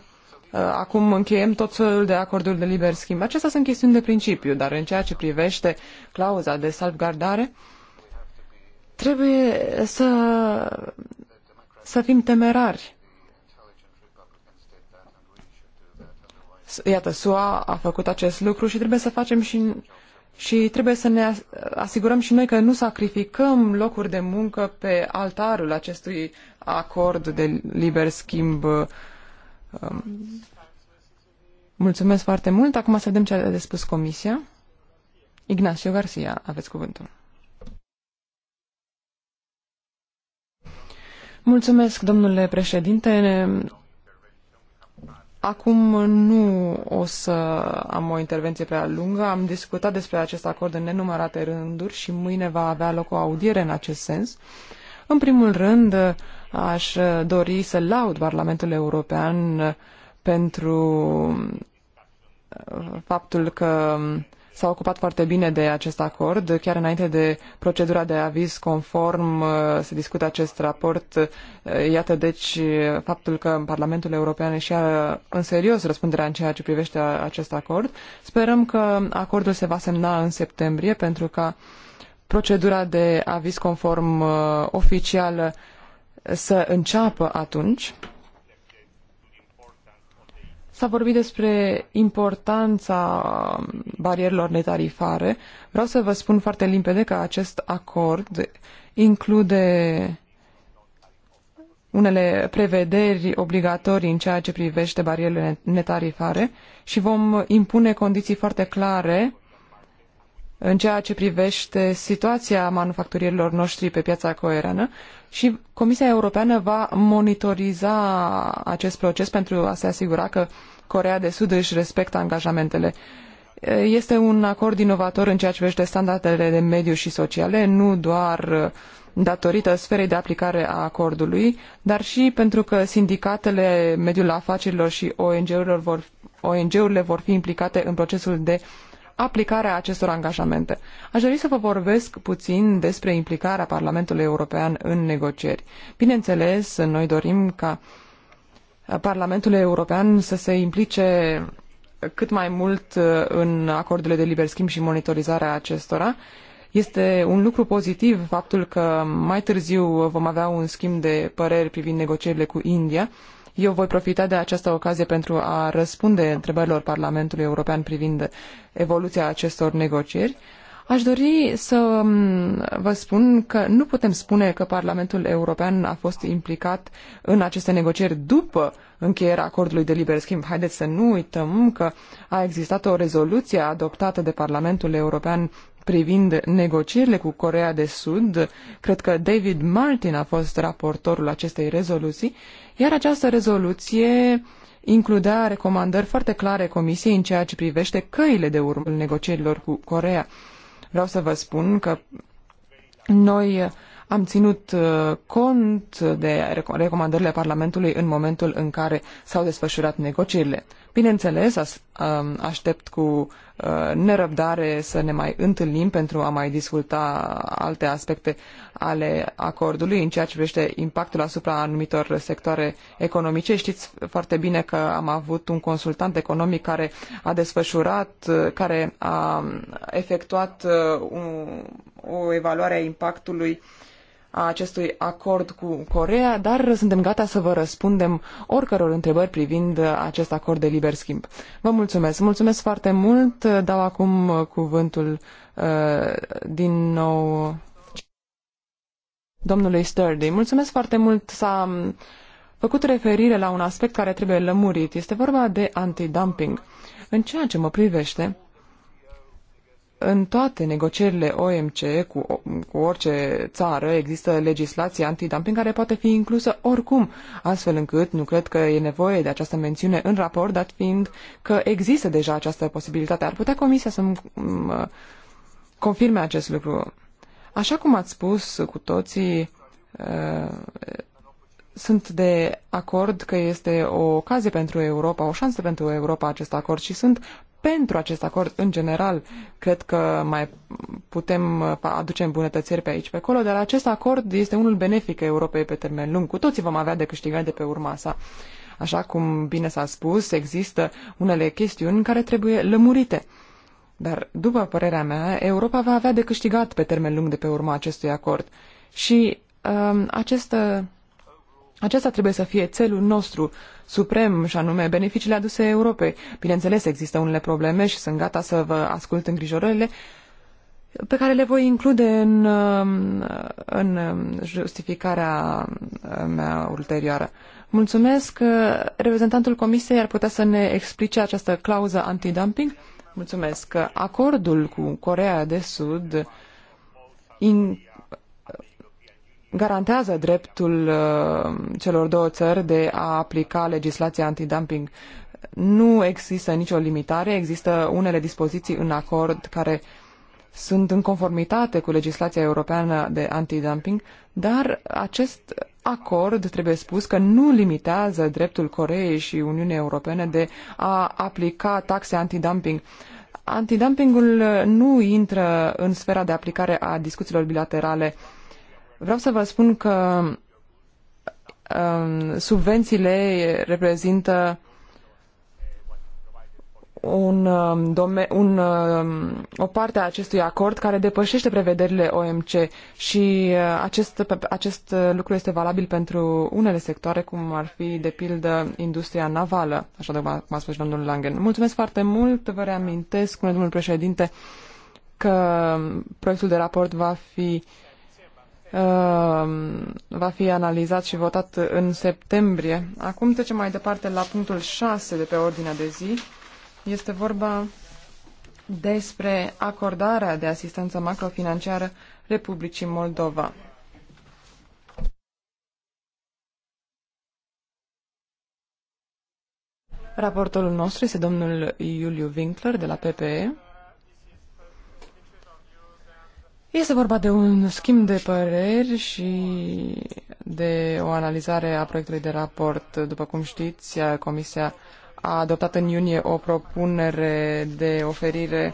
ă, acum încheiem tot felul de acorduri de liber schimb. Acestea sunt chestiuni de principiu, dar în ceea ce privește clauza de salvgardare, trebuie să, să fim temerari. Iată, SUA a făcut acest lucru și trebuie să facem și, și trebuie să ne asigurăm și noi că nu sacrificăm locuri de muncă pe altarul acestui acord de liber schimb. Um, mulțumesc foarte mult. Acum să vedem ce a de spus Comisia. Ignacio Garcia, aveți cuvântul. Mulțumesc, domnule președinte. Acum nu o să am o intervenție prea lungă. Am discutat despre acest acord în nenumărate rânduri și mâine va avea loc o audiere în acest sens. În primul rând, Aș uh, dori să laud Parlamentul European uh, pentru uh, faptul că um, s-a ocupat foarte bine de acest acord. Chiar înainte de procedura de aviz conform se discută acest raport. Iată deci faptul că Parlamentul European își ia în serios răspunderea în ceea ce privește acest acord. Sperăm că acordul se va semna în septembrie pentru ca procedura de aviz conform oficială să înceapă atunci. S-a vorbit despre importanța barierelor netarifare. Vreau să vă spun foarte limpede că acest acord include unele prevederi obligatorii în ceea ce privește barierele netarifare și vom impune condiții foarte clare în ceea ce privește situația manufacturierilor noștri pe piața coerană și Comisia Europeană va monitoriza acest proces pentru a se asigura că Coreea de Sud își respectă angajamentele. Este un acord inovator în ceea ce privește standardele de mediu și sociale, nu doar datorită sferei de aplicare a acordului, dar și pentru că sindicatele, mediul afacerilor și ONG-urile vor, ONG vor fi implicate în procesul de aplicarea acestor angajamente. Aș dori să vă vorbesc puțin despre implicarea Parlamentului European în negocieri. Bineînțeles, noi dorim ca Parlamentul European să se implice cât mai mult uh, în acordurile de liber schimb și monitorizarea acestora. Este un lucru pozitiv faptul că mai târziu vom avea un schimb de păreri privind negocierile cu India eu voi profita de această ocazie pentru a răspunde întrebărilor Parlamentului European privind evoluția acestor negocieri. Aș dori să mm, vă spun că nu putem spune că Parlamentul European a fost implicat în aceste negocieri după încheierea acordului de liber schimb. Haideți să nu uităm că a existat o rezoluție adoptată de Parlamentul European privind negocierile cu Corea de Sud. Cred că David Martin a fost raportorul acestei rezoluții, iar această rezoluție includea recomandări foarte clare Comisiei în ceea ce privește căile de urmă negocierilor cu Corea. Vreau să vă spun că noi am ținut uh, cont de recomandările Parlamentului în momentul în care s-au desfășurat negocierile. Bineînțeles, aștept cu Uh, nerăbdare să ne mai întâlnim pentru a mai discuta alte aspecte ale acordului în ceea ce privește impactul asupra anumitor sectoare economice. Știți foarte bine că am avut un consultant economic care a desfășurat, care a efectuat o, uh, o evaluare a impactului uh, a acestui acord cu Corea, dar suntem gata să vă răspundem oricăror întrebări privind acest acord de liber schimb. Vă mulțumesc. Mulțumesc foarte mult. Dau acum cuvântul uh, din nou domnului Sturdy. Mulțumesc foarte mult. S-a um, făcut referire la un aspect care trebuie lămurit. Este vorba de antidumping. În ceea ce mă privește, în toate negocierile OMC cu, cu orice țară există legislație antidumping care poate fi inclusă oricum, astfel încât nu cred că e nevoie de această mențiune în raport, dat fiind că există deja această posibilitate. Ar putea Comisia să mm, confirme acest lucru. Așa cum ați spus cu toții, uh, sunt de acord că este o ocazie pentru Europa, o șansă pentru Europa acest acord și sunt pentru acest acord în general. Cred că mai putem uh, aduce îmbunătățiri pe aici, pe acolo, dar acest acord este unul benefic Europei pe termen lung. Cu toții vom avea de câștigat de pe urma sa. Așa cum bine s-a spus, există unele chestiuni care trebuie lămurite. Dar, după părerea mea, Europa va avea de câștigat pe termen lung de pe urma acestui acord. Și acest uh, această acesta trebuie să fie țelul nostru suprem și anume beneficiile aduse Europei. Bineînțeles, există unele probleme și sunt gata să vă ascult îngrijorările pe care le voi include în, în justificarea mea ulterioară. Mulțumesc. Reprezentantul Comisiei ar putea să ne explice această clauză antidumping. Mulțumesc. Acordul cu Corea de Sud in, garantează dreptul uh, celor două țări de a aplica legislația antidumping. Nu există nicio limitare, există unele dispoziții în acord care sunt în conformitate cu legislația europeană de antidumping, dar acest acord, trebuie spus, că nu limitează dreptul Coreei și Uniunii Europene de a aplica taxe antidumping. Antidumpingul nu intră în sfera de aplicare a discuțiilor bilaterale uh, Vreau să vă spun că um, subvențiile reprezintă un, um, un, um, o parte a acestui acord care depășește prevederile OMC și uh, acest, acest lucru este valabil pentru unele sectoare, cum ar fi, de pildă, industria navală, așa de cum a spus și domnul Langen. Mulțumesc foarte mult, vă reamintesc, spune domnul președinte, că proiectul de raport va fi uh, Ehm, va fi analizat și votat în septembrie. Acum trecem mai departe la punctul 6 de pe ordinea de zi. Este vorba despre acordarea de asistență macrofinanciară Republicii Moldova. Raportorul nostru este domnul Iuliu Winkler de la PPE. Este vorba de un schimb de păreri și de o analizare a proiectului de raport. După cum știți, Comisia a adoptat în iunie o propunere de oferire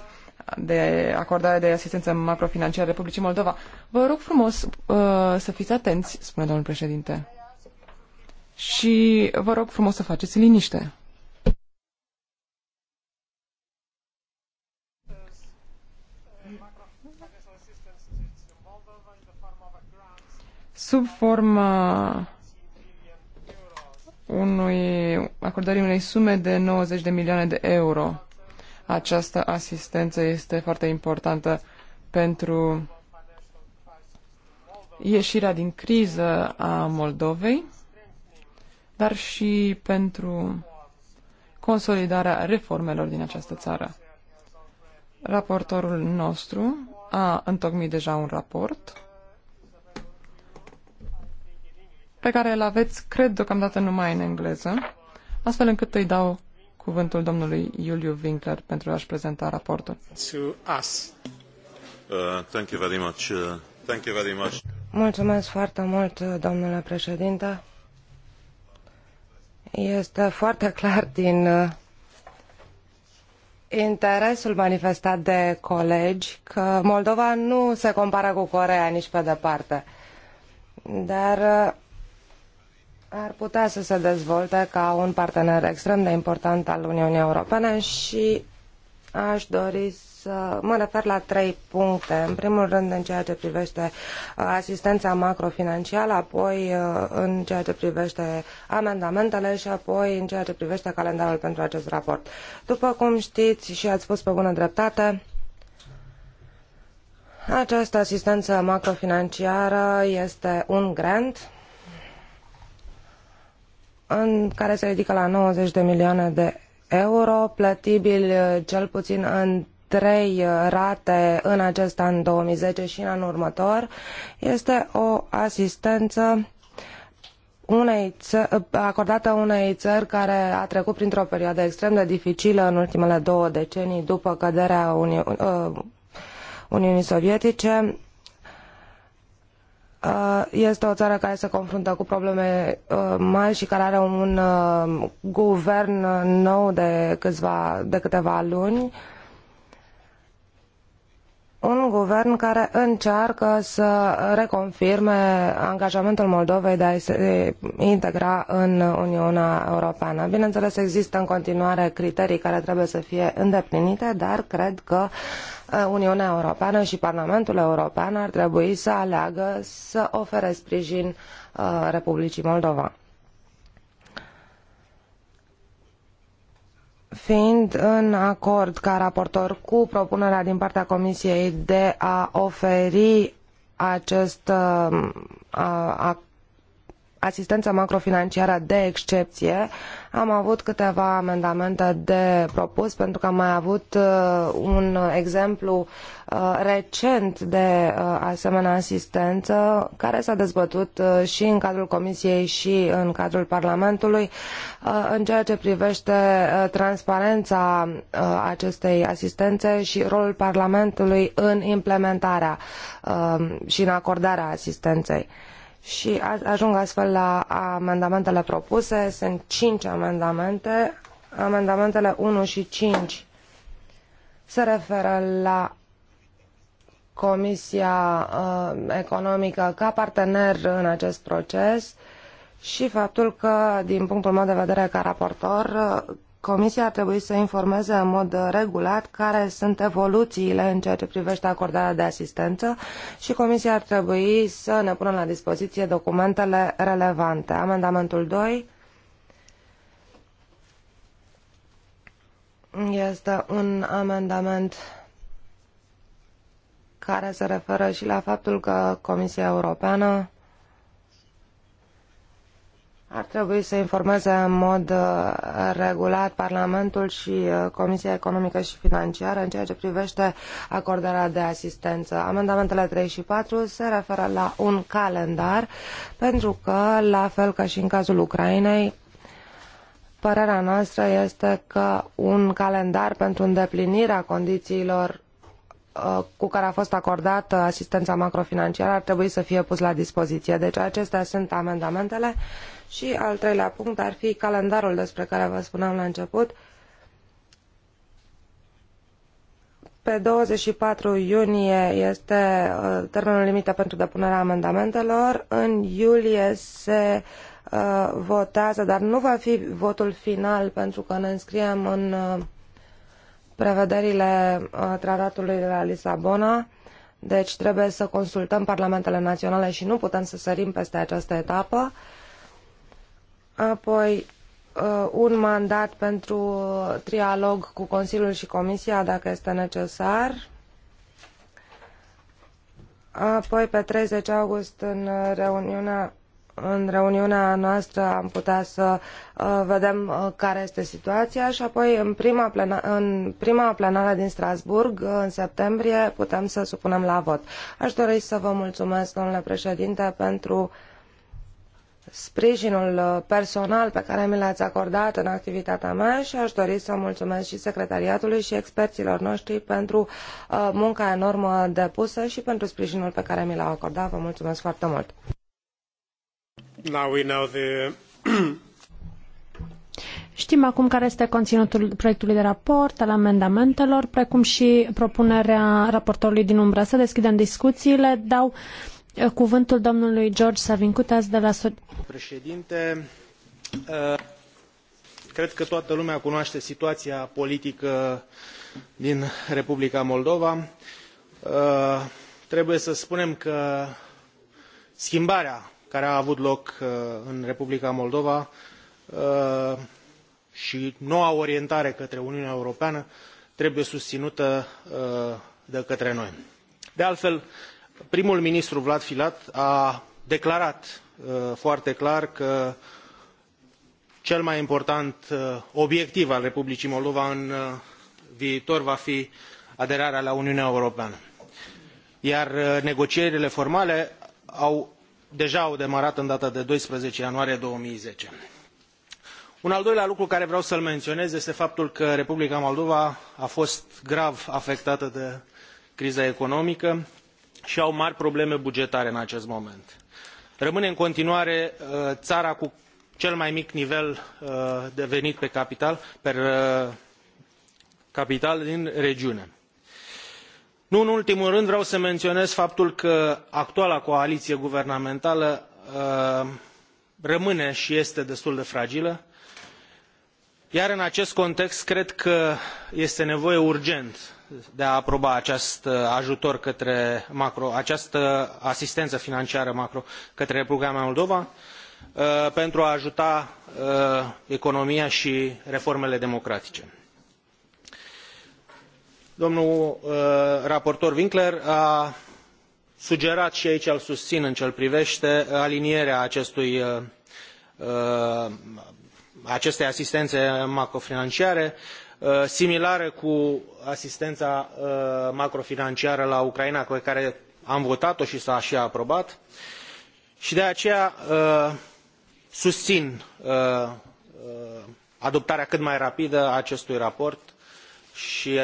de acordare de asistență macrofinanciară Republicii Moldova. Vă rog frumos uh, să fiți atenți, spune domnul președinte. Și vă rog frumos să faceți liniște. sub forma unui, acordării unei sume de 90 de milioane de euro. Această asistență este foarte importantă pentru ieșirea din criză a Moldovei, dar și pentru consolidarea reformelor din această țară. Raportorul nostru a întocmit deja un raport pe care îl aveți, cred, deocamdată numai în engleză, astfel încât îi dau cuvântul domnului Iuliu Winkler pentru a-și prezenta raportul. To us. Uh, thank you very much. Uh, thank you very much. Mulțumesc foarte mult, domnule președinte. Este foarte clar din uh, interesul manifestat de colegi că Moldova nu se compara cu Coreea nici pe departe. Dar uh, ar putea să se dezvolte ca un partener extrem de important al Uniunii Europene și aș dori să mă refer la trei puncte. În primul rând în ceea ce privește uh, asistența macrofinanciară, apoi uh, în ceea ce privește amendamentele și apoi în ceea ce privește calendarul pentru acest raport. După cum știți și ați spus pe bună dreptate, această asistență macrofinanciară este un grant în care se ridică la 90 de milioane de euro, plătibil uh, cel puțin în trei uh, rate în acest an 2010 și în anul următor, este o asistență unei uh, acordată unei țări care a trecut printr-o perioadă extrem de dificilă în ultimele două decenii după căderea Uni- Uniunii Sovietice, Uh, este o țară care se confruntă cu probleme uh, mari și care are un uh, guvern nou de, câțiva, de câteva luni un guvern care încearcă să reconfirme angajamentul Moldovei de a se integra în Uniunea Europeană. Bineînțeles, există în continuare criterii care trebuie să fie îndeplinite, dar cred că uh, Uniunea Europeană și Parlamentul European ar trebui să aleagă să ofere sprijin uh, Republicii Moldova. fiind în acord ca raportor cu propunerea din partea Comisiei de a oferi acest uh, a, a, asistență macrofinanciară de excepție, am avut câteva amendamente de propus pentru că am mai avut uh, un exemplu uh, recent de uh, asemenea asistență care s-a dezbătut și în cadrul Comisiei și în cadrul Parlamentului în ceea ce privește transparența acestei asistențe și rolul Parlamentului în implementarea și în acordarea asistenței și ajung astfel la amendamentele propuse. Sunt cinci amendamente. Amendamentele unu și cinci se referă la Comisia uh, Economică ca partener în acest proces și faptul că, din punctul meu de vedere ca raportor, uh, Comisia ar trebui să informeze în mod regulat care sunt evoluțiile în ceea ce privește acordarea de asistență și Comisia ar trebui să ne pună la dispoziție documentele relevante. Amendamentul 2 este un amendament care se referă și la faptul că Comisia Europeană ar trebui să informeze în mod uh, regulat Parlamentul și uh, Comisia Economică și Financiară în ceea ce privește acordarea de asistență. Amendamentele 3 și 4 se referă la un calendar, pentru că, la fel ca și în cazul Ucrainei, părerea noastră este că un calendar pentru îndeplinirea condițiilor Uh, cu care a fost acordată asistența macrofinanciară ar trebui să fie pus la dispoziție. Deci acestea sunt amendamentele și al treilea punct ar fi calendarul despre care vă spuneam la început. Pe 24 iunie este uh, termenul limită pentru depunerea amendamentelor. În iulie se uh, votează, dar nu va fi votul final pentru că ne înscriem în prevederile uh, tratatului de la Lisabona, deci trebuie să consultăm parlamentele naționale și nu putem să sărim peste această etapă. Apoi, uh, un mandat pentru trialog cu Consiliul și Comisia, dacă este necesar. Apoi, pe 30 august, în reuniunea în reuniunea noastră am putea să uh, vedem uh, care este situația și apoi în prima, plena, în prima plenară din Strasburg, uh, în septembrie, putem să supunem la vot. Aș dori să vă mulțumesc, domnule președinte, pentru sprijinul personal pe care mi l-ați acordat în activitatea mea și aș dori să mulțumesc și secretariatului și experților noștri pentru munca enormă depusă și pentru sprijinul pe care mi l-au acordat. Vă mulțumesc foarte mult! Now Știm acum care este conținutul proiectului de raport, al amendamentelor, precum și propunerea raportorului din umbră. Să deschidem discuțiile. Dau eh, cuvântul domnului George Savincutas de la... Președinte, eh, cred că toată lumea cunoaște situația politică din Republica Moldova. Eh, trebuie să spunem că schimbarea care a avut loc uh, în Republica Moldova uh, și noua orientare către Uniunea Europeană trebuie susținută uh, de către noi. De altfel, primul ministru Vlad Filat a declarat foarte clar că cel mai important obiectiv al Republicii Moldova în viitor va fi aderarea la Uniunea Europeană. Iar negocierile formale au deja au demarat în data de doisprezece ianuarie. două mii zece un al doilea lucru pe care vreau să l menionez este faptul că republica moldova a fost grav afectată de criza economică i are mari probleme bugetare în acest moment. rămâne în continuare uh, ara cu cel mai mic nivel uh, de venit pe capital, per uh, capital din regiune nu în ultimul rând vreau să menionez faptul că actuala coaliie guvernamentală uh, rămâne i este destul de fragilă iar în acest context cred că este nevoie urgent de a aproba acest uh, ajutor către macro această asistenă financiară macro către republica moldova uh, pentru a ajuta economia i reformele democratice domnul uh, raportor winkler a sugerat i aici îl susin în ce îl privete alinierea uh, uh, acestei asistene macrofinanciare similară cu asistena macrofinanciară la ucraina pe care am votat o i s a i aprobat i de aceea susin adoptarea cât mai rapidă a acestui raport și uh,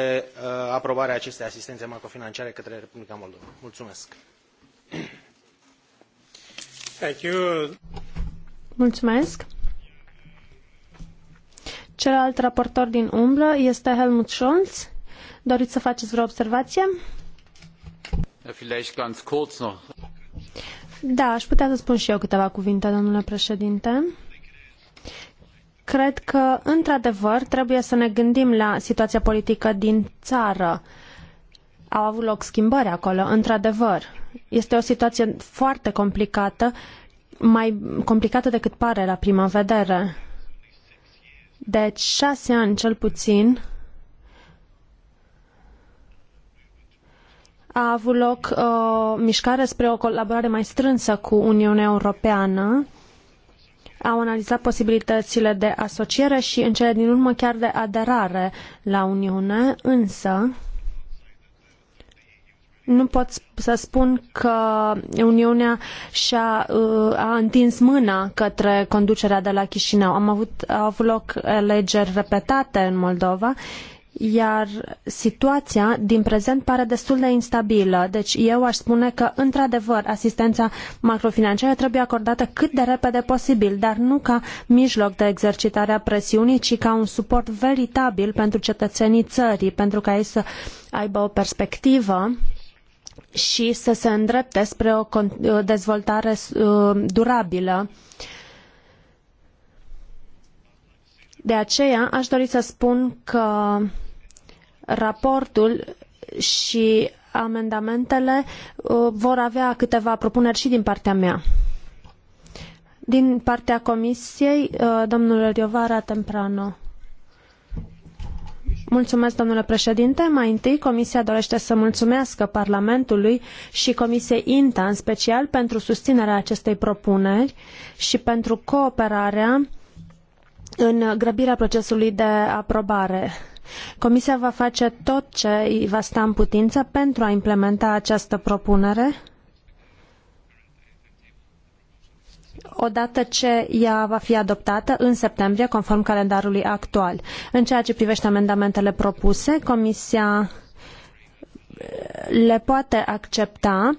aprobarea acestei asistențe macrofinanciare către Republica Moldova. Mulțumesc! Mulțumesc! Celălalt raportor din umbră este Helmut Scholz. Doriți să faceți vreo observație? Da, aș putea să spun și eu câteva cuvinte, domnule președinte cred că, într-adevăr, trebuie să ne gândim la situația politică din țară. Au avut loc schimbări acolo, într-adevăr. Este o situație foarte complicată, mai complicată decât pare la prima vedere. De șase ani, cel puțin, a avut loc o uh, mișcare spre o colaborare mai strânsă cu Uniunea Europeană, au analizat posibilitățile de asociere și în cele din urmă chiar de aderare la Uniune, însă nu pot să spun că Uniunea și-a uh, a întins mâna către conducerea de la Chișinău. Am avut, au avut loc alegeri repetate în Moldova iar situația din prezent pare destul de instabilă. Deci eu aș spune că, într-adevăr, asistența macrofinanciară trebuie acordată cât de repede posibil, dar nu ca mijloc de exercitare a presiunii, ci ca un suport veritabil pentru cetățenii țării, pentru ca ei să aibă o perspectivă și să se îndrepte spre o dezvoltare uh, durabilă. De aceea aș dori să spun că Raportul și amendamentele uh, vor avea câteva propuneri și din partea mea. Din partea Comisiei, uh, domnul Riovara Temprano. Mulțumesc, domnule președinte. Mai întâi, Comisia dorește să mulțumească Parlamentului și Comisiei INTA în special pentru susținerea acestei propuneri și pentru cooperarea în grăbirea procesului de aprobare. Comisia va face tot ce îi va sta în putință pentru a implementa această propunere odată ce ea va fi adoptată în septembrie, conform calendarului actual. În ceea ce privește amendamentele propuse, Comisia eh, le poate accepta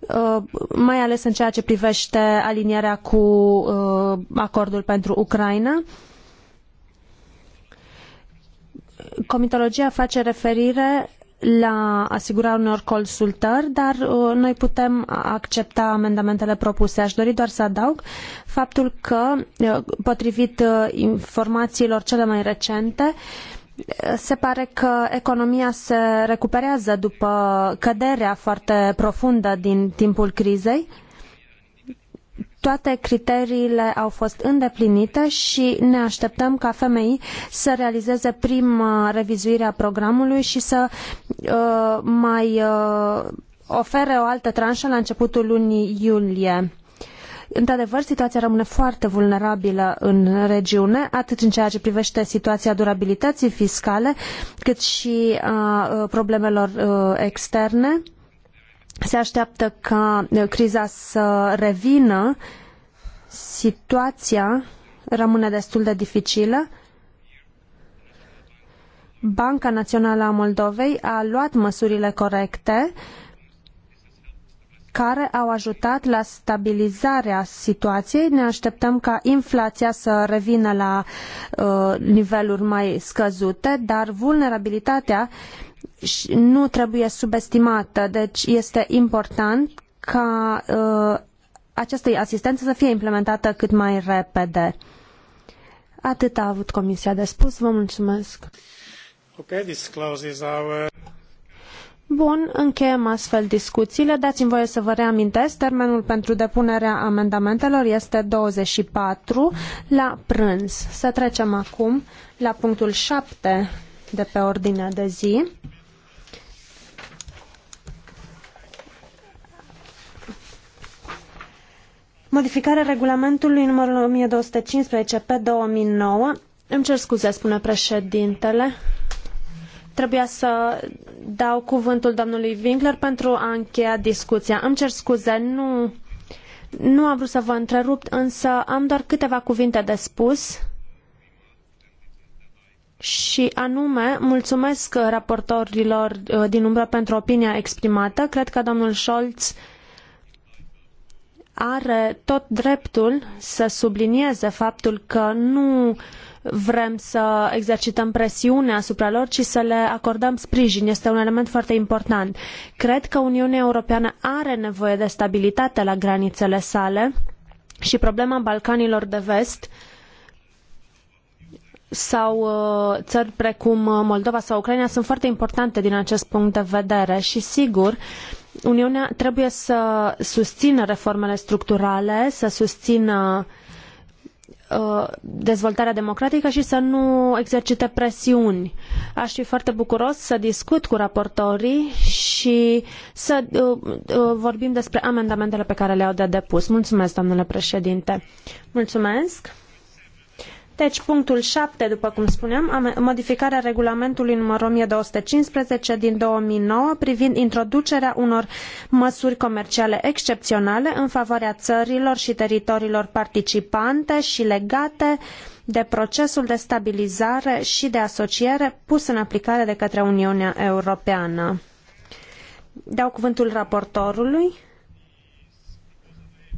eh, mai ales în ceea ce privește alinierea cu eh, acordul pentru Ucraina comitologia face referire la asigurarea unor consultări, dar uh, noi putem accepta amendamentele propuse. Aș dori doar să adaug faptul că, uh, potrivit uh, informațiilor cele mai recente, se pare că economia se recuperează după căderea foarte profundă din timpul crizei. Uh, toate criteriile au fost îndeplinite și ne așteptăm ca FMI să realizeze prima uh, revizuire a programului și să uh, mai uh, ofere o altă tranșă la începutul lunii iulie. Într-adevăr, situația rămâne foarte vulnerabilă în regiune, atât în ceea ce privește situația durabilității fiscale, cât și a uh, problemelor uh, externe se așteaptă ca uh, criza să revină, situația rămâne destul de dificilă. Banca Națională a Moldovei a luat măsurile corecte care au ajutat la stabilizarea situației. Ne așteptăm ca inflația să revină la uh, niveluri mai scăzute, dar vulnerabilitatea uh, nu trebuie subestimată. Deci este important ca uh, această asistență să fie implementată cât mai repede. Atât a avut Comisia de spus. Vă mulțumesc. Okay, this closes our... Bun, încheiem astfel discuțiile. Dați-mi voie să vă reamintesc, termenul pentru depunerea amendamentelor este 24 la prânz. Să trecem acum la punctul 7 de pe ordinea de zi. modificarea regulamentului numărul 1215 pe 2009. Îmi cer scuze, spune președintele. Trebuia să dau cuvântul domnului Winkler pentru a încheia discuția. Îmi cer scuze, nu, nu am vrut să vă întrerup, însă am doar câteva cuvinte de spus și anume mulțumesc raportorilor uh, din umbră pentru opinia exprimată. Cred că domnul Scholz are tot dreptul să sublinieze faptul că nu vrem să exercităm presiune asupra lor, ci să le acordăm sprijin. Este un element foarte important. Cred că Uniunea Europeană are nevoie de stabilitate la granițele sale și problema Balcanilor de Vest sau uh, țări precum Moldova sau Ucraina sunt foarte importante din acest punct de vedere și sigur Uniunea trebuie să susțină reformele structurale, să susțină uh, dezvoltarea democratică și să nu exercite presiuni. Aș fi foarte bucuros să discut cu raportorii și să uh, uh, vorbim despre amendamentele pe care le-au de depus. Mulțumesc, domnule președinte. Mulțumesc. Deci, punctul 7, după cum spuneam, modificarea regulamentului numărul 1215 din 2009 privind introducerea unor măsuri comerciale excepționale în favoarea țărilor și teritoriilor participante și legate de procesul de stabilizare și de asociere pus în aplicare de către Uniunea Europeană. Dau cuvântul raportorului.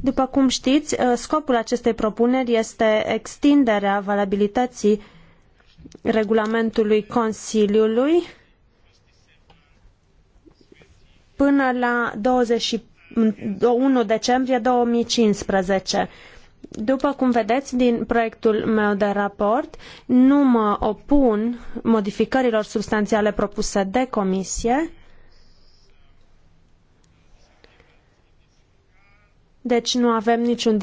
După cum știți, uh, scopul acestei propuneri este extinderea valabilității regulamentului Consiliului până la 21 decembrie 2015. După cum vedeți din proiectul meu de raport, nu mă opun modificărilor substanțiale propuse de comisie, Deci nu avem niciun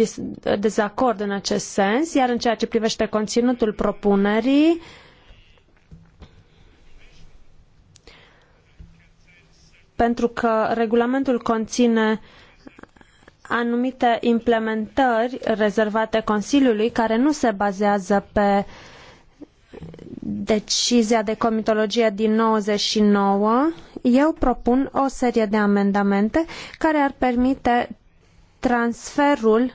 dezacord în acest sens, iar în ceea ce privește conținutul propunerii, pentru că regulamentul conține anumite implementări rezervate Consiliului care nu se bazează pe decizia de comitologie din 99, eu propun o serie de amendamente care ar permite transferul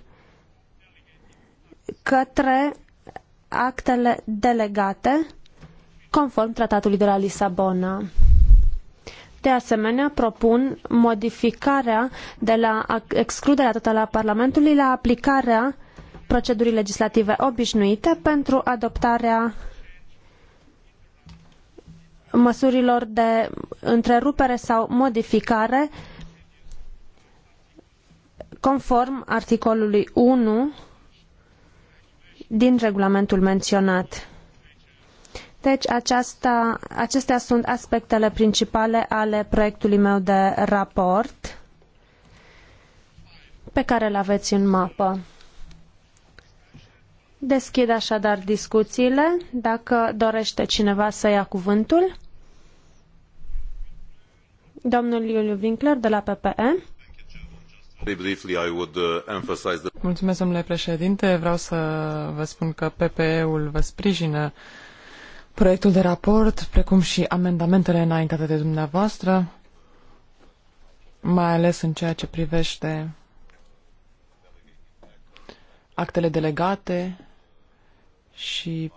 către actele delegate conform tratatului de la Lisabona. De asemenea, propun modificarea de la excluderea totală a Parlamentului la aplicarea procedurii legislative obișnuite pentru adoptarea măsurilor de întrerupere sau modificare uh, conform articolului 1 din regulamentul menționat. Deci aceasta, acestea sunt aspectele principale ale proiectului meu de raport pe care îl aveți în mapă. Deschid așadar discuțiile. Dacă dorește cineva să ia cuvântul. Domnul Iuliu Winkler de la PPE. Uh, Mulțumesc, domnule președinte. Vreau să vă spun că PPE-ul vă sprijină proiectul de raport, precum și amendamentele înaintate de dumneavoastră, mai ales în ceea ce privește actele delegate și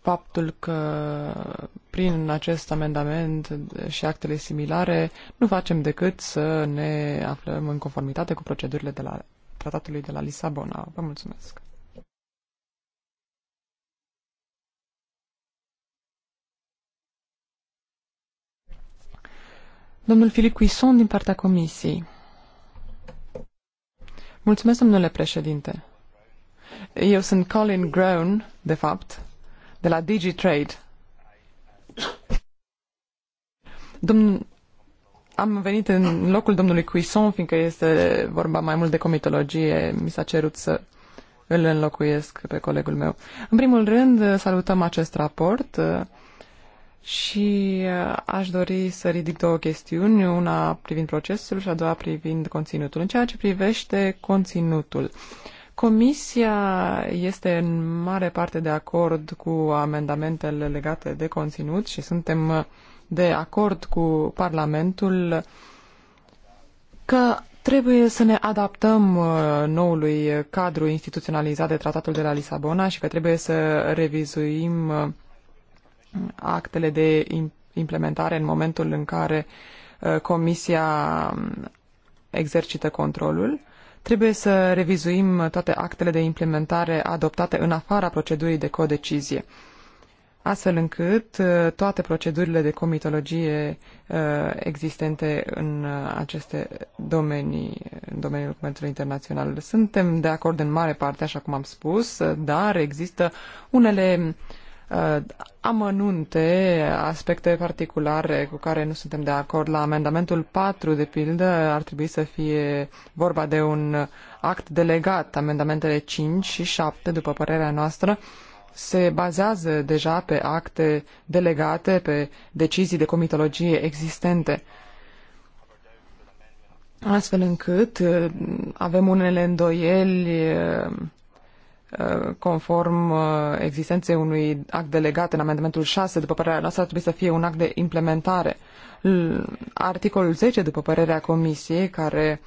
faptul că prin acest amendament și actele similare nu facem decât să ne aflăm în conformitate cu procedurile de la tratatului de la Lisabona. Vă mulțumesc! Domnul Filip Cuison din partea comisiei. Mulțumesc, domnule președinte. Eu sunt Colin Grown, de fapt, de la DigiTrade. Domn... Am venit în locul domnului Cuison, fiindcă este vorba mai mult de comitologie. Mi s-a cerut să îl înlocuiesc pe colegul meu. În primul rând, salutăm acest raport și aș dori să ridic două chestiuni, una privind procesul și a doua privind conținutul. În ceea ce privește conținutul, uh, Comisia este în mare parte de acord cu amendamentele legate de conținut și suntem de acord cu Parlamentul că trebuie să ne adaptăm uh, noului cadru instituționalizat de Tratatul de la Lisabona și că trebuie să revizuim uh, actele de implementare în momentul în care uh, Comisia um, exercită controlul. Trebuie să revizuim toate actele de implementare adoptate în afara procedurii de codecizie, astfel încât uh, toate procedurile de comitologie uh, existente în uh, aceste domenii, în domeniul comerțului internațional. Suntem de acord în mare parte, așa cum am spus, dar există unele uh, Uh, amănunte, aspecte particulare cu care nu suntem de acord. La amendamentul 4, de pildă, ar trebui să fie vorba de un act delegat. Amendamentele 5 și 7, după părerea noastră, se bazează deja pe acte delegate, pe decizii de comitologie existente. Astfel încât uh, avem unele îndoieli uh, conform uh, existenței unui act delegat în amendamentul 6, după părerea noastră, ar trebui să fie un act de implementare. Articolul 10, după părerea Comisiei, care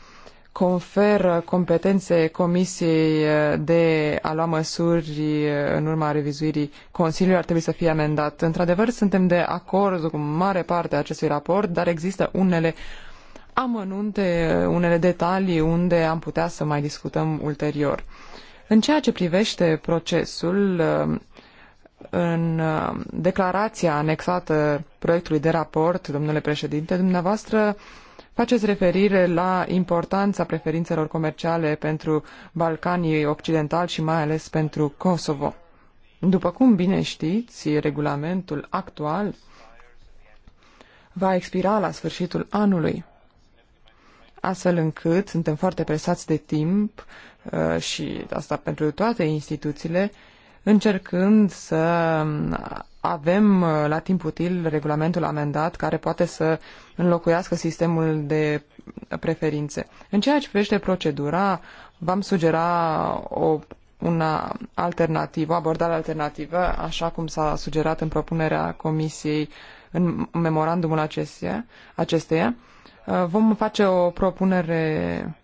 conferă competențe Comisiei uh, de a lua măsuri uh, în urma revizuirii Consiliului, ar trebui să fie amendat. Într-adevăr, suntem de acord cu mare parte a acestui raport, dar există unele amănunte, unele detalii unde am putea să mai discutăm ulterior. În ceea ce privește procesul, uh, în uh, declarația anexată proiectului de raport, domnule președinte, dumneavoastră faceți referire la importanța preferințelor comerciale pentru Balcanii Occidentali și mai ales pentru Kosovo. După cum bine știți, regulamentul actual va expira la sfârșitul anului astfel încât suntem foarte presați de timp uh, și asta pentru toate instituțiile, încercând să mm, avem uh, la timp util regulamentul amendat care poate să înlocuiască sistemul de preferințe. În ceea ce privește procedura, v-am sugera o una alternativă, abordare alternativă, așa cum s-a sugerat în propunerea Comisiei în memorandumul acesteia, acesteia Uh, vom face o propunere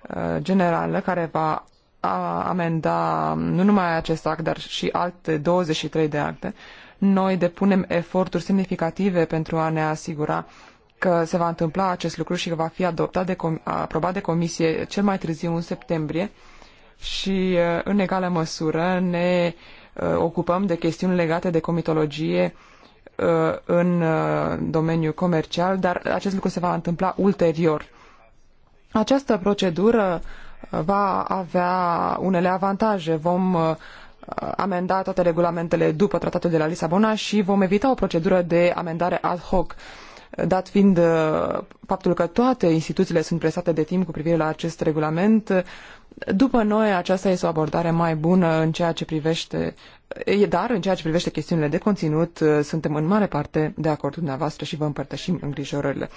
uh, generală care va amenda nu numai acest act, dar și alte 23 de acte. Noi depunem eforturi semnificative pentru a ne asigura că se va întâmpla acest lucru și că va fi adoptat de aprobat de comisie cel mai târziu în septembrie și uh, în egală măsură ne ocupăm de chestiuni legate de comitologie Uh, în uh, domeniul comercial, dar acest lucru se va întâmpla ulterior. Această procedură uh, va avea unele avantaje. Vom amenda toate regulamentele după tratatul de la Lisabona și vom evita o procedură de amendare ad hoc dat fiind faptul că toate instituțiile sunt presate de timp cu privire la acest regulament, după noi, aceasta este o abordare mai bună în ceea ce privește dar în ceea ce privește chestiunile de conținut, uh, suntem în mare parte de acord cu dumneavoastră și vă împărtășim îngrijorările.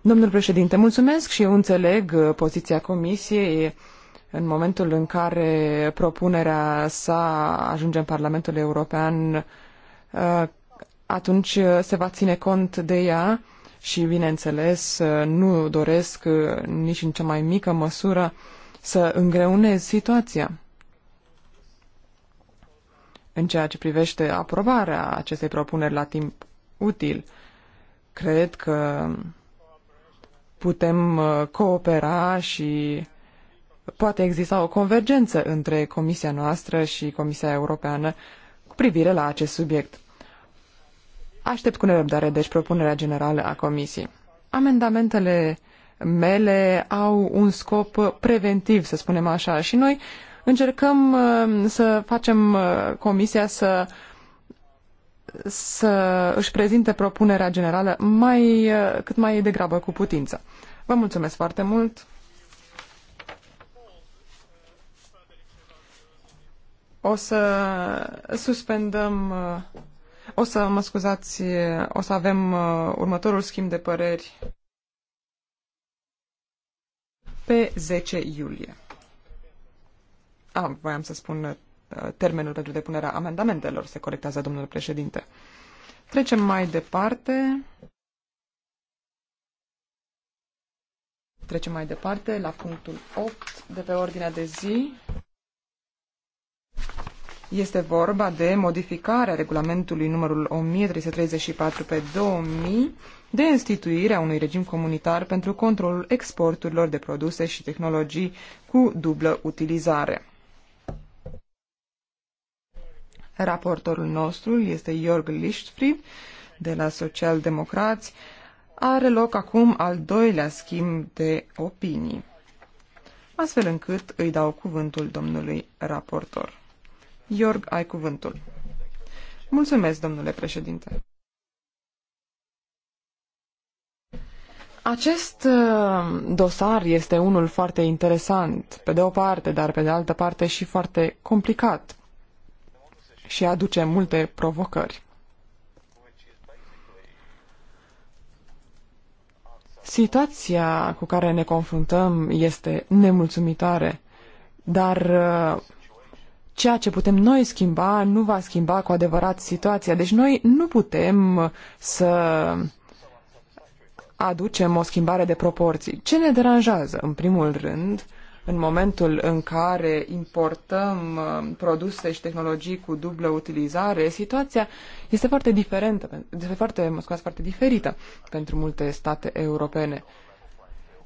Domnul președinte, mulțumesc și eu înțeleg uh, poziția comisiei în momentul în care propunerea sa ajunge în Parlamentul European, uh, atunci se va ține cont de ea și, bineînțeles, nu doresc nici în cea mai mică măsură să îngreunez situația. În ceea ce privește aprobarea acestei propuneri la timp util, cred că putem uh, coopera și poate exista o convergență între Comisia noastră și Comisia Europeană cu privire la acest subiect. Aștept cu nerăbdare, deci, propunerea generală a Comisiei. Amendamentele mele au un scop preventiv, să spunem așa, și noi încercăm uh, să facem uh, comisia să să își prezinte propunerea generală mai, uh, cât mai degrabă cu putință. Vă mulțumesc foarte mult! O să suspendăm, o să mă scuzați, o să avem următorul schimb de păreri pe 10 iulie. A, voiam să spun uh, termenul pentru depunerea amendamentelor, se corectează domnul președinte. Trecem mai departe. Trecem mai departe la punctul 8 de pe ordinea de zi. Este vorba de modificarea regulamentului numărul 1334 pe 2000 de instituirea unui regim comunitar pentru controlul exporturilor de produse și tehnologii cu dublă utilizare. Raportorul nostru este Jörg Lichtfried de la Socialdemocrați. Are loc acum al doilea schimb de opinii, astfel încât îi dau cuvântul domnului raportor. Iorg, ai cuvântul. Mulțumesc, domnule președinte. Acest uh, dosar este unul foarte interesant, pe de o parte, dar pe de altă parte și foarte complicat și aduce multe provocări. Situația cu care ne confruntăm este nemulțumitoare, dar uh, ceea ce putem noi schimba nu va schimba cu adevărat situația. Deci noi nu putem să aducem o schimbare de proporții. Ce ne deranjează, în primul rând, în momentul în care importăm uh, produse și tehnologii cu dublă utilizare, situația este foarte diferentă, este foarte, mă scuze, foarte diferită pentru multe state europene.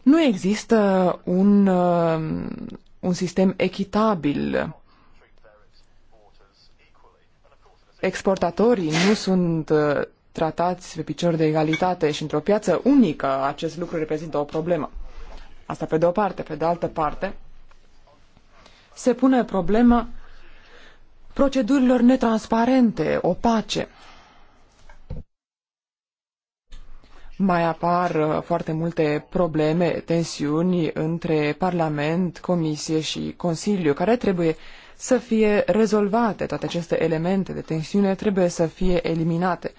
Nu există un, uh, un sistem echitabil exportatorii nu sunt uh, tratați pe picior de egalitate și într-o piață unică acest lucru reprezintă o problemă. Asta pe de o parte. Pe de altă parte, se pune problema procedurilor netransparente, opace. Mai apar uh, foarte multe probleme, tensiuni între Parlament, Comisie și Consiliu, care trebuie uh, să fie rezolvate. Toate aceste elemente de tensiune trebuie să fie eliminate.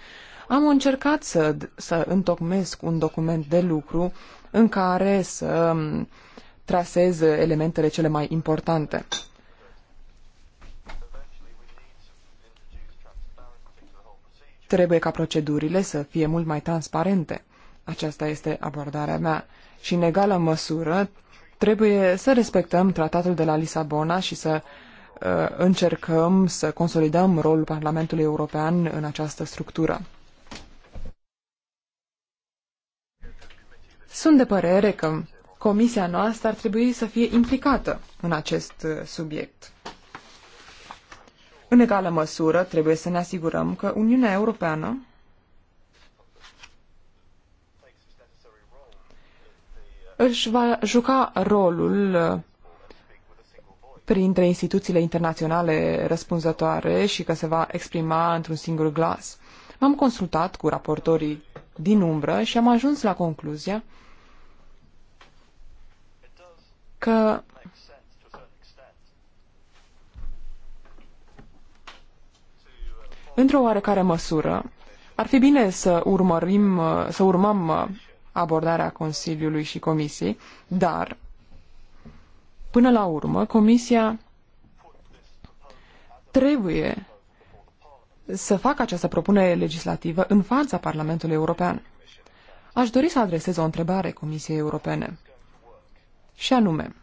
Am încercat să, să întocmesc un document de lucru în care să um, trasez elementele cele mai importante. Trebuie ca procedurile să fie mult mai transparente. Aceasta este abordarea mea. Și în egală măsură, trebuie să respectăm tratatul de la Lisabona și să Uh, încercăm să consolidăm rolul Parlamentului European în această structură. Sunt de părere că comisia noastră ar trebui să fie implicată în acest uh, subiect. În egală măsură, trebuie să ne asigurăm că Uniunea Europeană își va juca rolul uh, printre instituțiile internaționale răspunzătoare și că se va exprima într-un singur glas. M-am consultat cu raportorii din umbră și am ajuns la concluzia că într-o oarecare măsură ar fi bine să urmărim, să urmăm abordarea Consiliului și Comisiei, dar Până la urmă, Comisia trebuie să facă această propunere legislativă în fața Parlamentului European. Aș dori să adresez o întrebare Comisiei Europene. Și anume,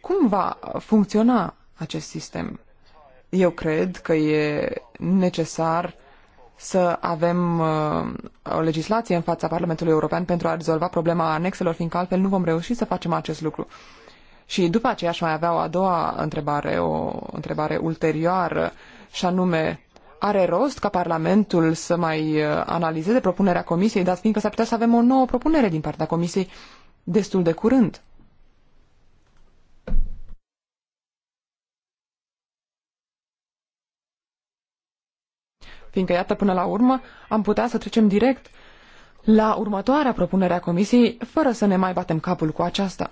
cum va funcționa acest sistem? Eu cred că e necesar să avem uh, o legislație în fața Parlamentului European pentru a rezolva problema anexelor, fiindcă altfel nu vom reuși să facem acest lucru. Și după aceea aș mai avea o a doua întrebare, o întrebare ulterioară, și anume, are rost ca Parlamentul să mai uh, analizeze propunerea Comisiei, dar fiindcă s-ar putea să avem o nouă propunere din partea Comisiei destul de curând? fiindcă, iată, până la urmă am putea să trecem direct la următoarea propunere a Comisiei, fără să ne mai batem capul cu aceasta.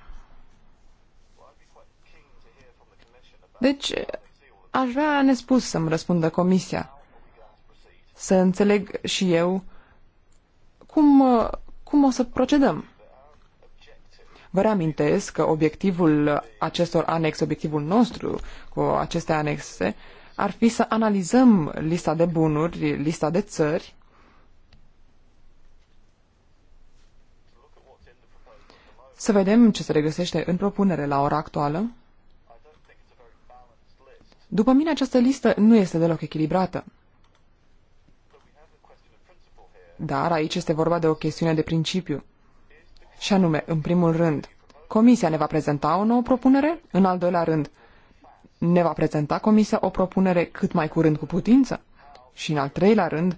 Deci, aș vrea nespus să-mi răspundă Comisia, să înțeleg și eu cum, cum o să procedăm. Vă reamintesc că obiectivul acestor anexe, obiectivul nostru cu aceste anexe, ar fi să analizăm lista de bunuri, lista de țări, Să vedem ce se regăsește în propunere la ora actuală. După mine, această listă nu este deloc echilibrată. Dar aici este vorba de o chestiune de principiu. Și anume, în primul rând, Comisia ne va prezenta o nouă propunere? În al doilea rând, ne va prezenta Comisia o propunere cât mai curând cu putință? Și în al treilea rând,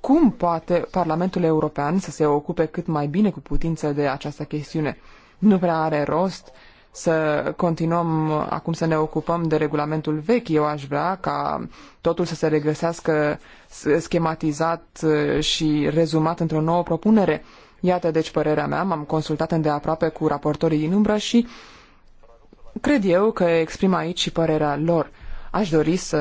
cum poate Parlamentul European să se ocupe cât mai bine cu putință de această chestiune? Nu prea are rost să continuăm acum să ne ocupăm de regulamentul vechi. Eu aș vrea ca totul să se regăsească schematizat și rezumat într-o nouă propunere. Iată deci părerea mea, m-am consultat îndeaproape cu raportorii din umbră și uh, cred eu că exprim aici și părerea lor. Aș dori să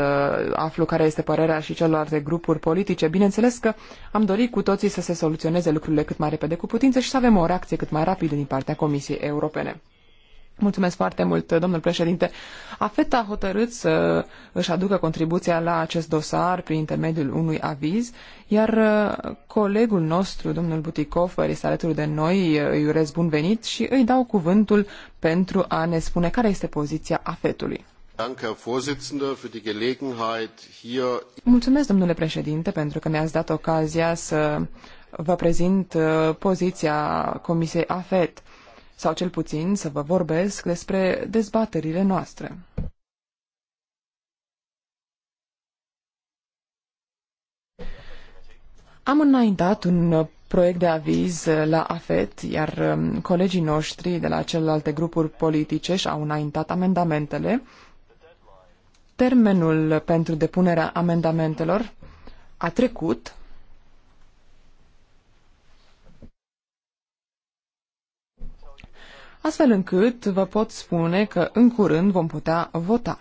aflu care este părerea și celorlalte grupuri politice. Bineînțeles că am dorit cu toții să se soluționeze lucrurile cât mai repede cu putință și să avem o reacție cât mai rapidă din partea Comisiei Europene. Mulțumesc foarte mult, domnul președinte. AFET a hotărât să își aducă contribuția la acest dosar prin intermediul unui aviz, iar uh, colegul nostru, domnul Buticov, este alături de noi, uh, îi urez bun venit și îi dau cuvântul pentru a ne spune care este poziția AFET-ului. Mulțumesc, domnule președinte, pentru că mi-ați dat ocazia să vă prezint uh, poziția Comisiei AFET sau cel puțin să vă vorbesc despre dezbaterile noastre. Am înaintat un proiect de aviz la AFET, iar um, colegii noștri de la celelalte grupuri politice și-au înaintat amendamentele. Termenul pentru depunerea amendamentelor a trecut astfel încât vă pot spune că în curând vom putea vota.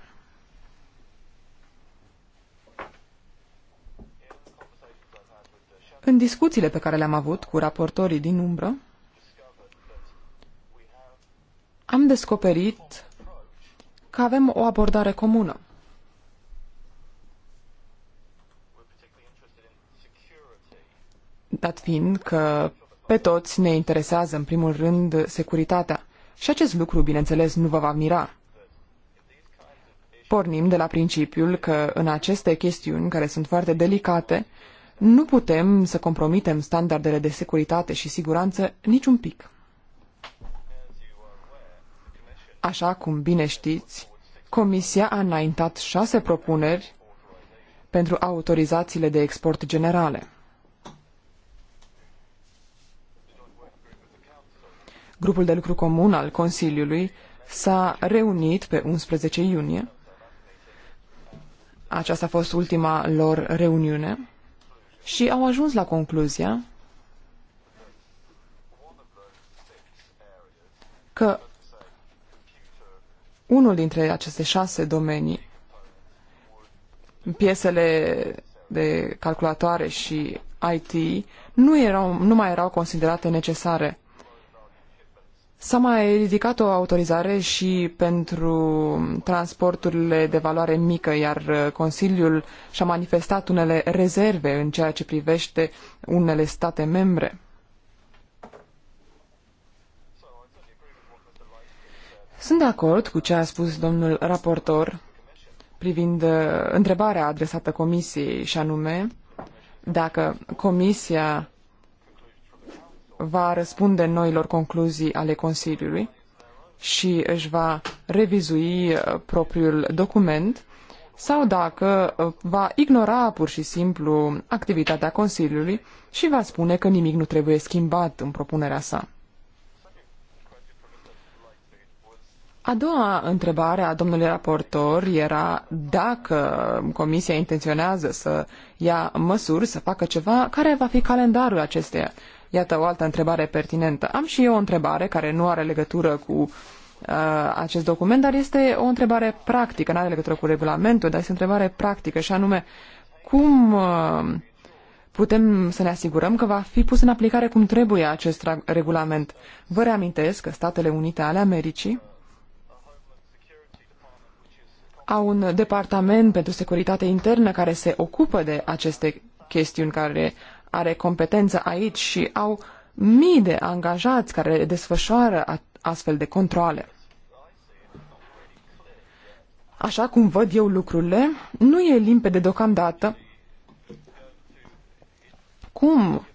În discuțiile pe care le-am avut cu raportorii din umbră, am descoperit că avem o abordare comună. Dat fiind că pe toți ne interesează, în primul rând, securitatea. Și acest lucru, bineînțeles, nu vă va mira. Pornim de la principiul că în aceste chestiuni, care sunt foarte delicate, nu putem să compromitem standardele de securitate și siguranță niciun pic. Așa cum bine știți, Comisia a înaintat șase propuneri pentru autorizațiile de export generale. Grupul de lucru comun al Consiliului s-a reunit pe 11 iunie. Aceasta a fost ultima lor reuniune și au ajuns la concluzia că unul dintre aceste șase domenii, piesele de calculatoare și IT, nu, erau, nu mai erau considerate necesare S-a mai ridicat o autorizare și pentru transporturile de valoare mică, iar Consiliul și-a manifestat unele rezerve în ceea ce privește unele state membre. Sunt de acord cu ce a spus domnul raportor privind uh, întrebarea adresată Comisiei, și anume dacă Comisia va răspunde noilor concluzii ale Consiliului și își va revizui uh, propriul document sau dacă uh, va ignora pur și simplu activitatea Consiliului și va spune că nimic nu trebuie schimbat în propunerea sa. A doua întrebare a domnului raportor era dacă Comisia intenționează să ia măsuri, să facă ceva, care va fi calendarul acesteia Iată o altă întrebare pertinentă. Am și eu o întrebare care nu are legătură cu uh, acest document, dar este o întrebare practică, nu are legătură cu regulamentul, dar este o întrebare practică și anume cum uh, putem să ne asigurăm că va fi pus în aplicare cum trebuie acest regulament. Vă reamintesc că Statele Unite ale Americii au un departament pentru securitate internă care se ocupă de aceste chestiuni care are competență aici și au mii de angajați care desfășoară astfel de controle. Așa cum văd eu lucrurile, nu e limpede deocamdată cum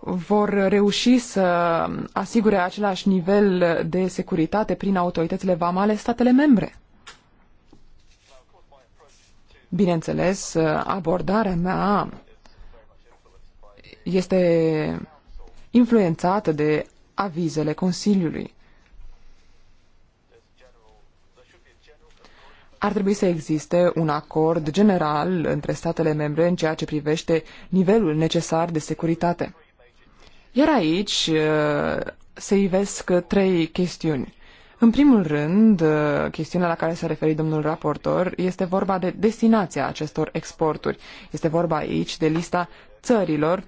vor reuși să asigure același nivel de securitate prin autoritățile vamale statele membre. Bineînțeles, abordarea mea este influențată de avizele Consiliului. Ar trebui să existe un acord general între statele membre în ceea ce privește nivelul necesar de securitate. Iar aici uh, se ivesc trei chestiuni. În primul rând, uh, chestiunea la care s-a referit domnul raportor este vorba de destinația acestor exporturi. Este vorba aici de lista țărilor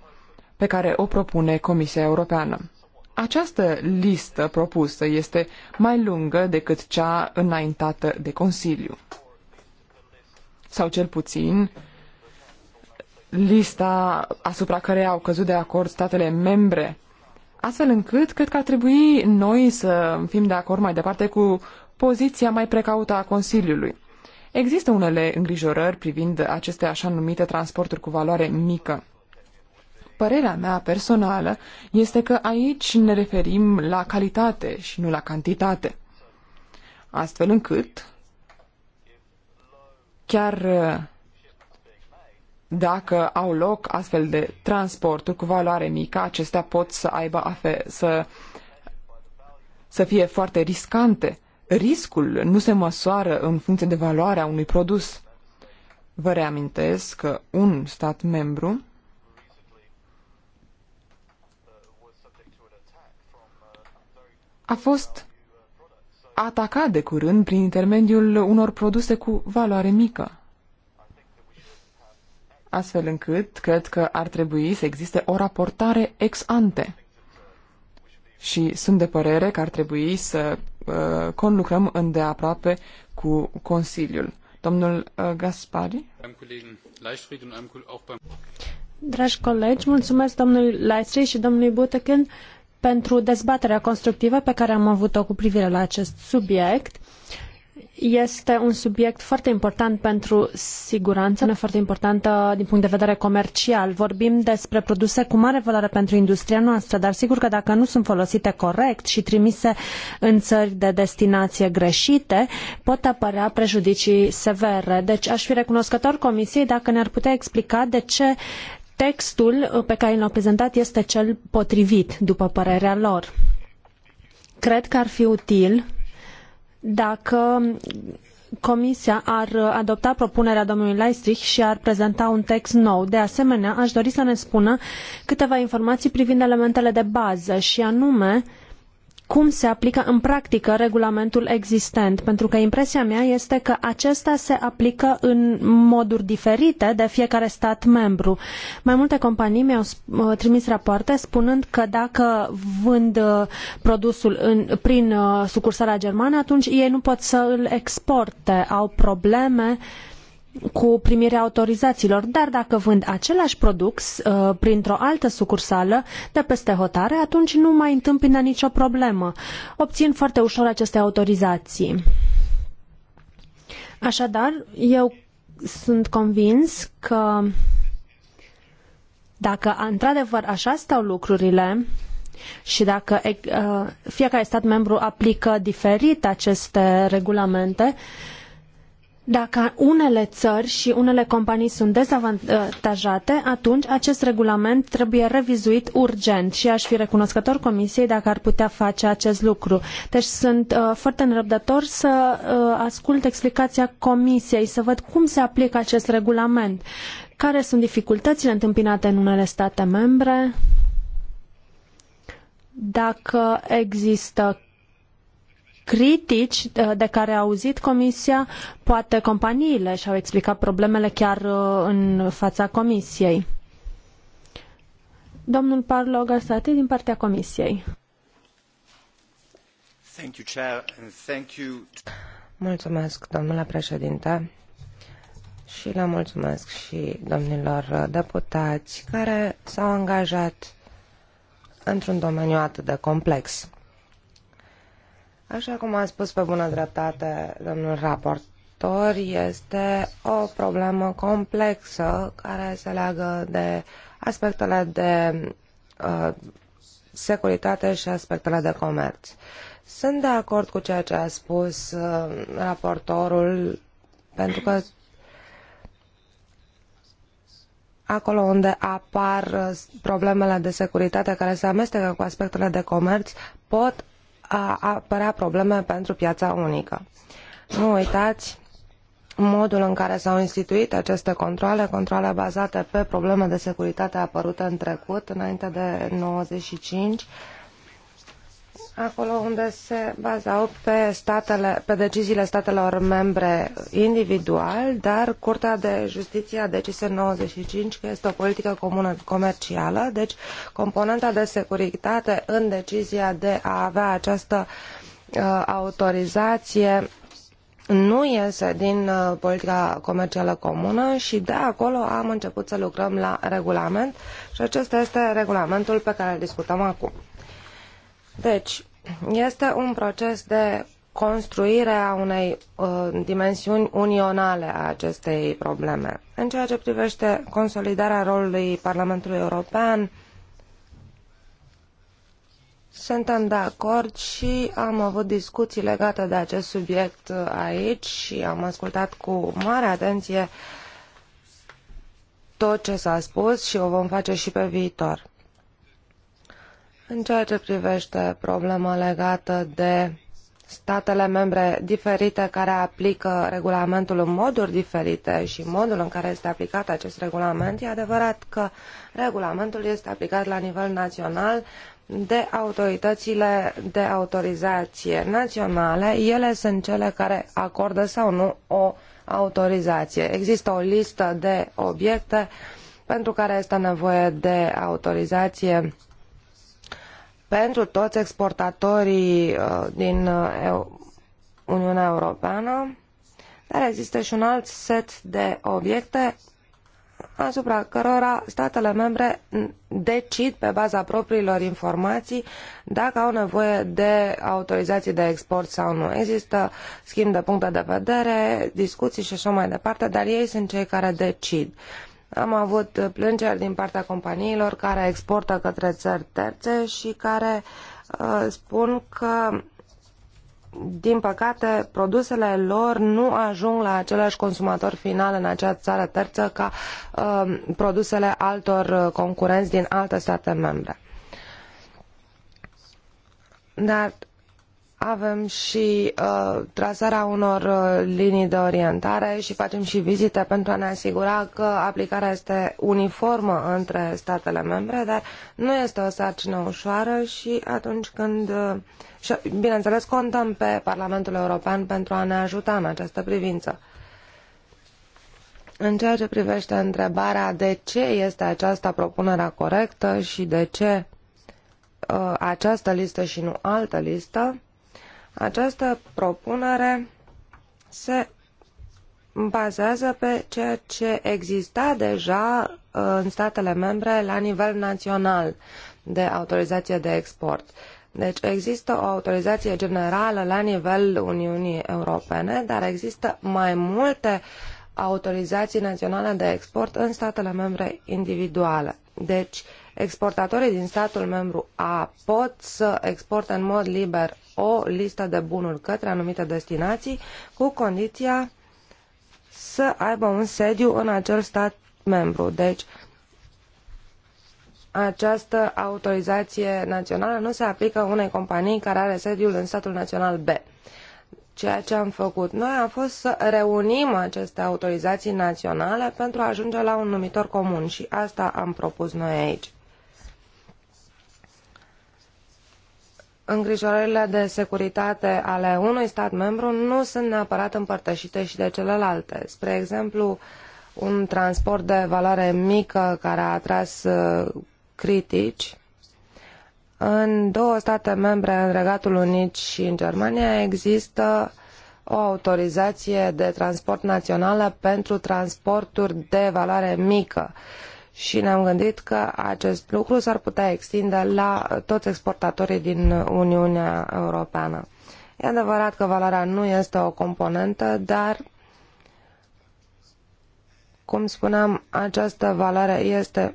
pe care o propune Comisia Europeană. Această listă propusă este mai lungă decât cea înaintată de Consiliu. Sau cel puțin lista asupra care au căzut de acord statele membre Astfel încât, cred că ar trebui noi să fim de acord mai departe cu poziția mai precaută a Consiliului. Există unele îngrijorări privind aceste așa numite transporturi cu valoare mică. Părerea mea personală este că aici ne referim la calitate și nu la cantitate. Astfel încât, chiar dacă au loc astfel de transporturi cu valoare mică, acestea pot să aibă afe, să, să fie foarte riscante. Riscul nu se măsoară în funcție de valoarea unui produs. Vă reamintesc că un stat membru a fost atacat de curând prin intermediul unor produse cu valoare mică astfel încât cred că ar trebui să existe o raportare ex ante. Și sunt de părere că ar trebui să uh, conlucrăm îndeaproape cu Consiliul. Domnul uh, Gaspari? Dragi colegi, mulțumesc domnului Leistri și domnului Butekin pentru dezbaterea constructivă pe care am avut-o cu privire la acest subiect. Uh, este un subiect foarte important pentru siguranță, foarte important din punct de vedere comercial. Vorbim despre produse cu mare valoare pentru industria noastră, dar sigur că dacă nu sunt folosite corect și trimise în țări de destinație greșite, pot apărea prejudicii severe. Deci aș fi recunoscător Comisiei dacă ne-ar putea explica de ce textul pe care l-au prezentat este cel potrivit, după părerea lor. Cred că ar fi util dacă Comisia ar adopta propunerea domnului Leistrich și ar prezenta un text nou. De asemenea, aș dori să ne spună câteva informații privind elementele de bază și anume cum se aplică în practică regulamentul existent, pentru că impresia mea este că acesta se aplică în moduri diferite de fiecare stat membru. Mai multe companii mi-au uh, trimis rapoarte spunând că dacă vând uh, produsul în, prin uh, sucursala germană, atunci ei nu pot să îl exporte, au probleme cu primirea autorizațiilor, dar dacă vând același produs uh, printr-o altă sucursală de peste hotare, atunci nu mai întâmpină nicio problemă. Obțin foarte ușor aceste autorizații. Așadar, eu sunt convins că dacă într-adevăr așa stau lucrurile și dacă uh, fiecare stat membru aplică diferit aceste regulamente, uh, dacă unele țări și unele companii sunt dezavantajate, atunci acest regulament trebuie revizuit urgent și aș fi recunoscător Comisiei dacă ar putea face acest lucru. Deci sunt uh, foarte nerăbdător să uh, ascult explicația Comisiei, să văd cum se aplică acest regulament, care sunt dificultățile întâmpinate în unele state membre, dacă există critici uh, de care a auzit Comisia, poate companiile și-au explicat problemele chiar uh, în fața Comisiei. Domnul Parlo Garsati din partea Comisiei. Mulțumesc, domnule președinte, și le mulțumesc și domnilor deputați care s-au angajat într-un domeniu atât de complex. Așa cum a spus pe bună dreptate domnul raportor, este o problemă complexă care se leagă de aspectele de uh, securitate și aspectele de comerț. Sunt de acord cu ceea ce a spus uh, raportorul, pentru că acolo unde apar uh, problemele de securitate care se amestecă cu aspectele de comerț pot a apărea probleme pentru piața unică. Nu uitați modul în care s-au instituit aceste controle, controle bazate pe probleme de securitate apărute în trecut, înainte de 95, acolo unde se bazau pe, statele, pe deciziile statelor membre individual, dar Curtea de Justiție a decis în 95 că este o politică comună comercială, deci componenta de securitate în decizia de a avea această uh, autorizație nu iese din uh, politica comercială comună și de acolo am început să lucrăm la regulament și acesta este regulamentul pe care îl discutăm acum. Deci, este un proces de construire a unei uh, dimensiuni unionale a acestei probleme. În ceea ce privește consolidarea rolului Parlamentului European, suntem de acord și am avut discuții legate de acest subiect aici și am ascultat cu mare atenție tot ce s-a spus și o vom face și pe viitor. În ceea ce privește problema legată de statele membre diferite care aplică regulamentul în moduri diferite și modul în care este aplicat acest regulament, e adevărat că regulamentul este aplicat la nivel național de autoritățile de autorizație naționale. Ele sunt cele care acordă sau nu o autorizație. Există o listă de obiecte pentru care este nevoie de autorizație pentru toți exportatorii uh, din uh, Uniunea Europeană, dar există și un alt set de obiecte asupra cărora statele membre decid pe baza propriilor informații dacă au nevoie de autorizații de export sau nu. Există schimb de puncte de vedere, discuții și așa mai departe, dar ei sunt cei care decid. Uh, am avut plângeri din partea companiilor care exportă către țări terțe și care uh, spun că din păcate, produsele lor nu ajung la același consumator final în acea țară terță ca uh, produsele altor uh, concurenți din alte state membre. Dar avem și uh, trasarea unor uh, linii de orientare și facem și vizite pentru a ne asigura că aplicarea este uniformă între statele membre, dar nu este o sarcină ușoară și atunci când, uh, și, bineînțeles, contăm pe Parlamentul European pentru a ne ajuta în această privință. În ceea ce privește întrebarea de ce este aceasta propunerea corectă și de ce uh, această listă și nu altă listă, această propunere se bazează pe ceea ce exista deja uh, în statele membre la nivel național de autorizație de export. Deci există o autorizație generală la nivel Uniunii Europene, dar există mai multe autorizații naționale de export în statele membre individuale. Deci exportatorii din statul membru A pot să exporte în mod liber o listă de bunuri către anumite destinații cu condiția să aibă un sediu în acel stat membru. Deci, această autorizație națională nu se aplică unei companii care are sediul în statul național B. Ceea ce am făcut noi a fost să reunim aceste autorizații naționale pentru a ajunge la un numitor comun și asta am propus noi aici. îngrijorările de securitate ale unui stat membru nu sunt neapărat împărtășite și de celelalte. Spre exemplu, un transport de valoare mică care a atras uh, critici în două state membre, în Regatul Unit și în Germania, există o autorizație de transport națională pentru transporturi de valoare mică și ne-am gândit că acest lucru s-ar putea extinde la toți exportatorii din Uniunea Europeană. E adevărat că valoarea nu este o componentă, dar, cum spuneam, această valoare este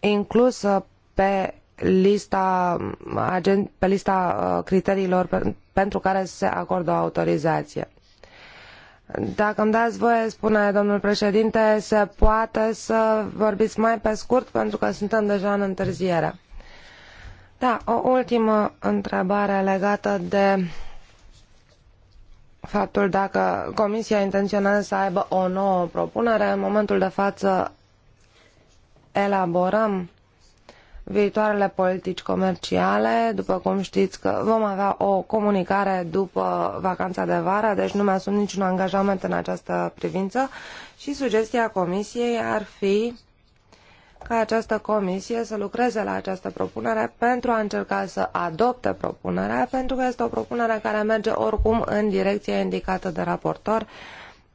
inclusă pe lista, pe lista uh, criteriilor pentru care se acordă o autorizație. Dacă îmi dați voie, spune domnul președinte, se poate să vorbiți mai pe scurt pentru că suntem deja în întârziere. Da, o ultimă întrebare legată de faptul dacă Comisia intenționează să aibă o nouă propunere. În momentul de față elaborăm viitoarele politici comerciale. După cum știți că vom avea o comunicare după vacanța de vară, deci nu mi-asum niciun angajament în această privință și sugestia Comisiei ar fi ca această comisie să lucreze la această propunere pentru a încerca să adopte propunerea, pentru că este o propunere care merge oricum în direcția indicată de raportor,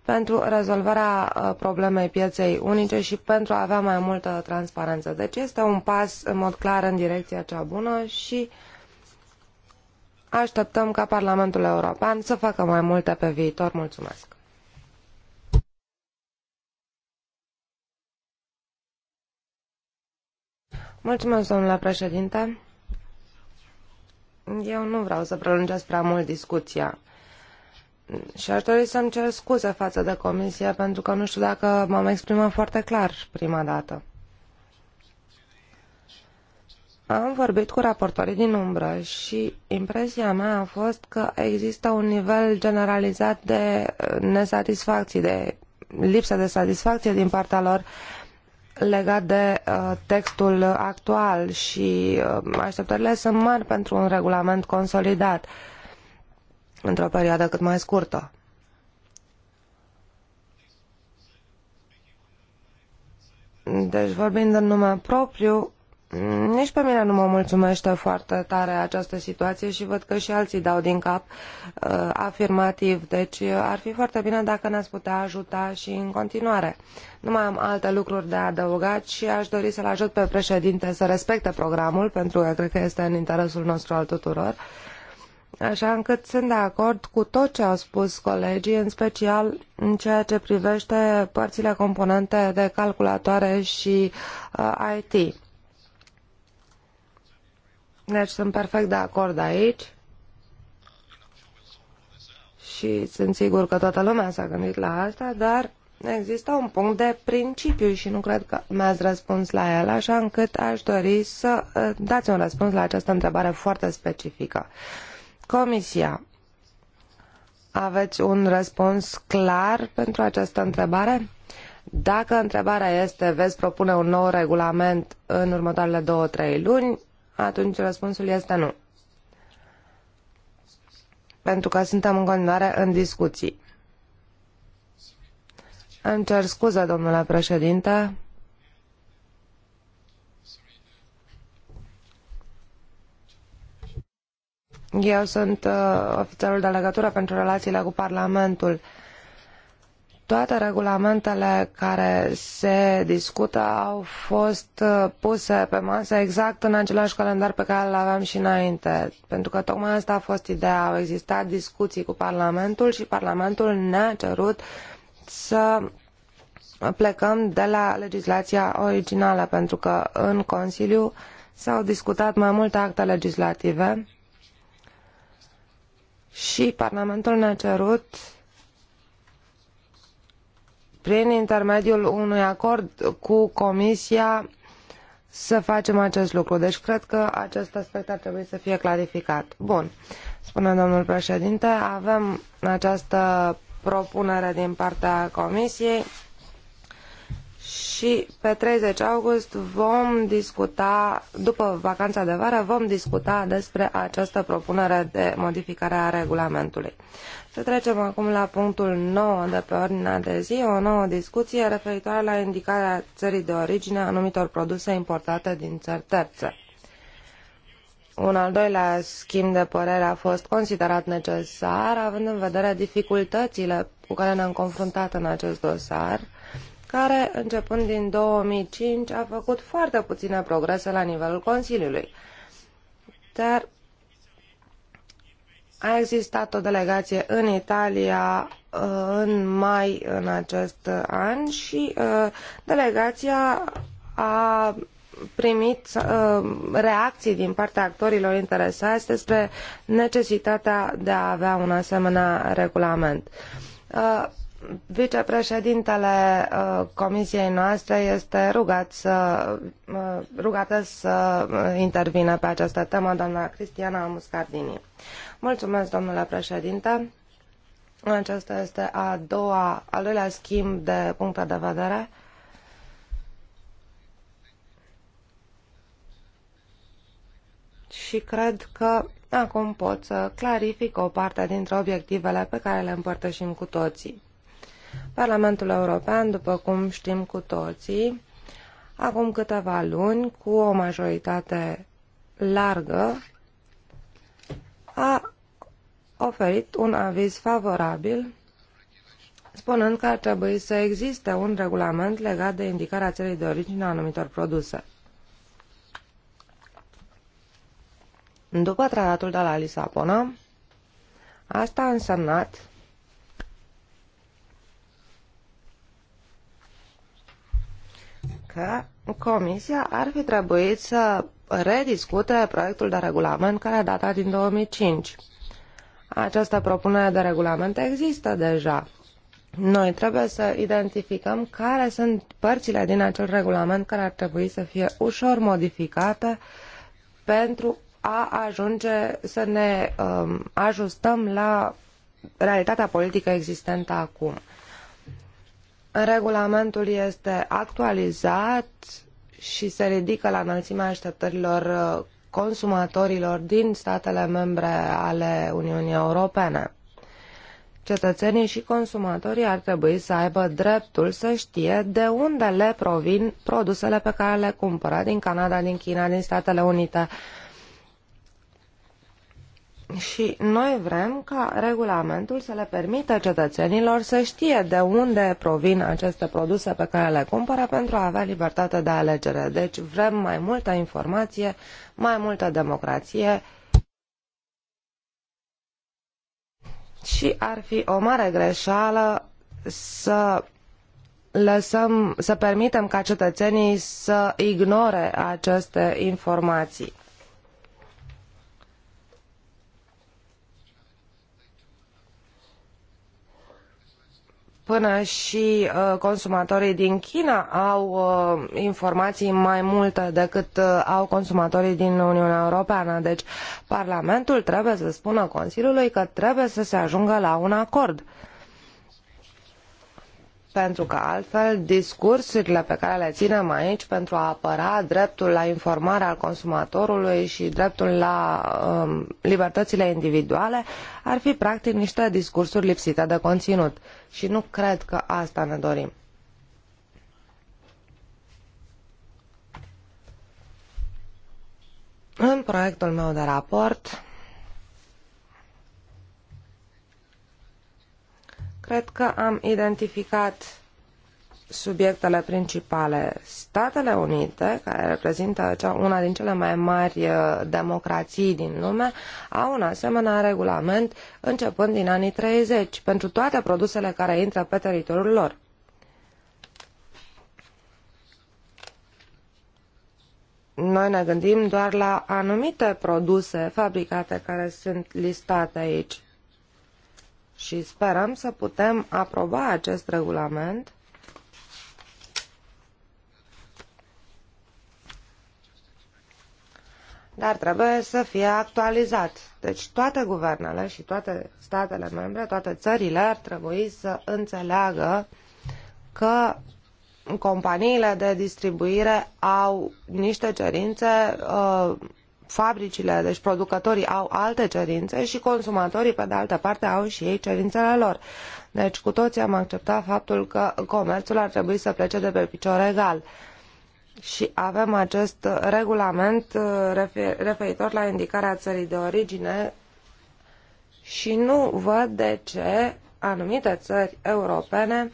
pentru rezolvarea uh, problemei pieței unice și pentru a avea mai multă transparență. Deci este un pas în mod clar în direcția cea bună și așteptăm ca Parlamentul European să facă mai multe pe viitor. Mulțumesc! Mulțumesc, domnule președinte. Eu nu vreau să prelungesc prea mult discuția și aș dori să-mi cer scuze față de comisie pentru că nu știu dacă m-am exprimat foarte clar prima dată. Am vorbit cu raportorii din umbră și impresia mea a fost că există un nivel generalizat de nesatisfacție, de lipsă de satisfacție din partea lor legat de uh, textul actual și uh, așteptările sunt mari pentru un regulament consolidat. Uh, într-o perioadă cât mai scurtă. Deci, vorbind în nume propriu, nici pe mine nu mă mulțumește foarte tare această situație și văd că și alții dau din cap uh, afirmativ. Deci ar fi foarte bine dacă ne-ați putea ajuta și în continuare. Nu mai am alte lucruri de adăugat și aș dori să-l ajut pe președinte să respecte programul, pentru că cred că este în interesul nostru al tuturor. Uh, așa încât sunt de acord cu tot ce au spus colegii, în special în ceea ce privește părțile componente de calculatoare și uh, IT. Deci sunt perfect de acord aici și sunt sigur că toată lumea s-a gândit la asta, dar există un punct de principiu și nu cred că mi-ați răspuns la el, așa încât aș dori să uh, dați un răspuns la această întrebare foarte specifică. Uh, Comisia, aveți un răspuns clar pentru această întrebare? Dacă întrebarea este, veți propune un nou regulament în următoarele două-trei luni, atunci răspunsul este nu. Pentru că suntem în continuare în discuții. Îmi cer scuze, domnule președinte. Eu sunt uh, ofițerul de legătură pentru relațiile cu Parlamentul. Toate regulamentele care se discută au fost uh, puse pe masă exact în același calendar pe care îl aveam și înainte, pentru că tocmai asta a fost ideea. Au existat discuții cu Parlamentul și Parlamentul ne-a cerut să plecăm de la legislația originală, pentru că în Consiliu s-au discutat mai multe acte legislative și Parlamentul ne-a cerut prin intermediul unui acord cu Comisia să facem acest lucru. Deci cred că acest aspect ar trebui să fie clarificat. Bun, spune domnul președinte, avem această propunere din partea Comisiei și pe 30 august vom discuta, după vacanța de vară, vom discuta despre această propunere de modificare a regulamentului. Să trecem acum la punctul 9 de pe ordinea de zi, o nouă discuție referitoare la indicarea țării de origine a anumitor produse importate din țări terțe. Un al doilea schimb de părere a fost considerat necesar, având în vedere dificultățile cu care ne-am confruntat în acest dosar, care, începând din 2005, a făcut foarte puține progrese la nivelul Consiliului. Dar a existat o delegație în Italia uh, în mai în acest an și uh, delegația a primit uh, reacții din partea actorilor interesați despre necesitatea de a avea un asemenea regulament. Vicepreședintele uh, comisiei noastre este rugat să, uh, rugată să uh, intervină pe această temă, doamna Cristiana Muscardini. Mulțumesc, domnule președinte. Aceasta este a doua, al doilea schimb de puncte de vedere. Și cred că acum pot să clarific o parte dintre obiectivele pe care le împărtășim cu toții. Parlamentul European, după cum știm cu toții, acum câteva luni, cu o majoritate largă, a oferit un aviz favorabil spunând că ar trebui să existe un regulament legat de indicarea țării de origine a anumitor produse. După tratatul de la Lisabona, asta a însemnat că Comisia ar fi trebuit să rediscute proiectul de regulament care a datat din 2005. Această propunere de regulament există deja. Noi trebuie să identificăm care sunt părțile din acel regulament care ar trebui să fie ușor modificate pentru a ajunge să ne um, ajustăm la realitatea politică existentă acum regulamentul este actualizat și se ridică la înălțimea așteptărilor uh, consumatorilor din statele membre ale Uniunii Europene. Cetățenii și consumatorii ar trebui să aibă dreptul să știe de unde le provin produsele pe care le cumpără din Canada, din China, din Statele Unite, și noi vrem ca regulamentul să le permită cetățenilor să știe de unde provin aceste produse pe care le cumpără pentru a avea libertate de alegere. Deci vrem mai multă informație, mai multă democrație și ar fi o mare greșeală să lăsăm, să permitem ca cetățenii să ignore aceste informații. până și uh, consumatorii din China au uh, informații mai multe decât uh, au consumatorii din Uniunea Europeană. Deci Parlamentul trebuie să spună Consiliului că trebuie să se ajungă la un acord. Uh, pentru că altfel discursurile pe care le ținem aici pentru a apăra dreptul la informare al consumatorului și dreptul la um, libertățile individuale ar fi practic niște discursuri lipsite de conținut și nu cred că asta ne dorim. În proiectul meu de raport Cred că am identificat subiectele principale. Statele Unite, care reprezintă una din cele mai mari uh, democrații din lume, au un asemenea regulament începând din anii 30 pentru toate produsele care intră pe teritoriul lor. Noi ne gândim doar la anumite produse fabricate care sunt listate aici și sperăm să putem aproba acest regulament dar trebuie să fie actualizat. Deci toate guvernele și toate statele membre, toate țările ar trebui să înțeleagă că companiile de distribuire au niște cerințe uh, fabricile, deci producătorii au alte cerințe și consumatorii, pe de altă parte, au și ei cerințele lor. Deci cu toții am acceptat faptul că comerțul ar trebui să plece de pe picior egal. Și avem acest regulament uh, referitor la indicarea țării de origine și nu văd de ce anumite țări europene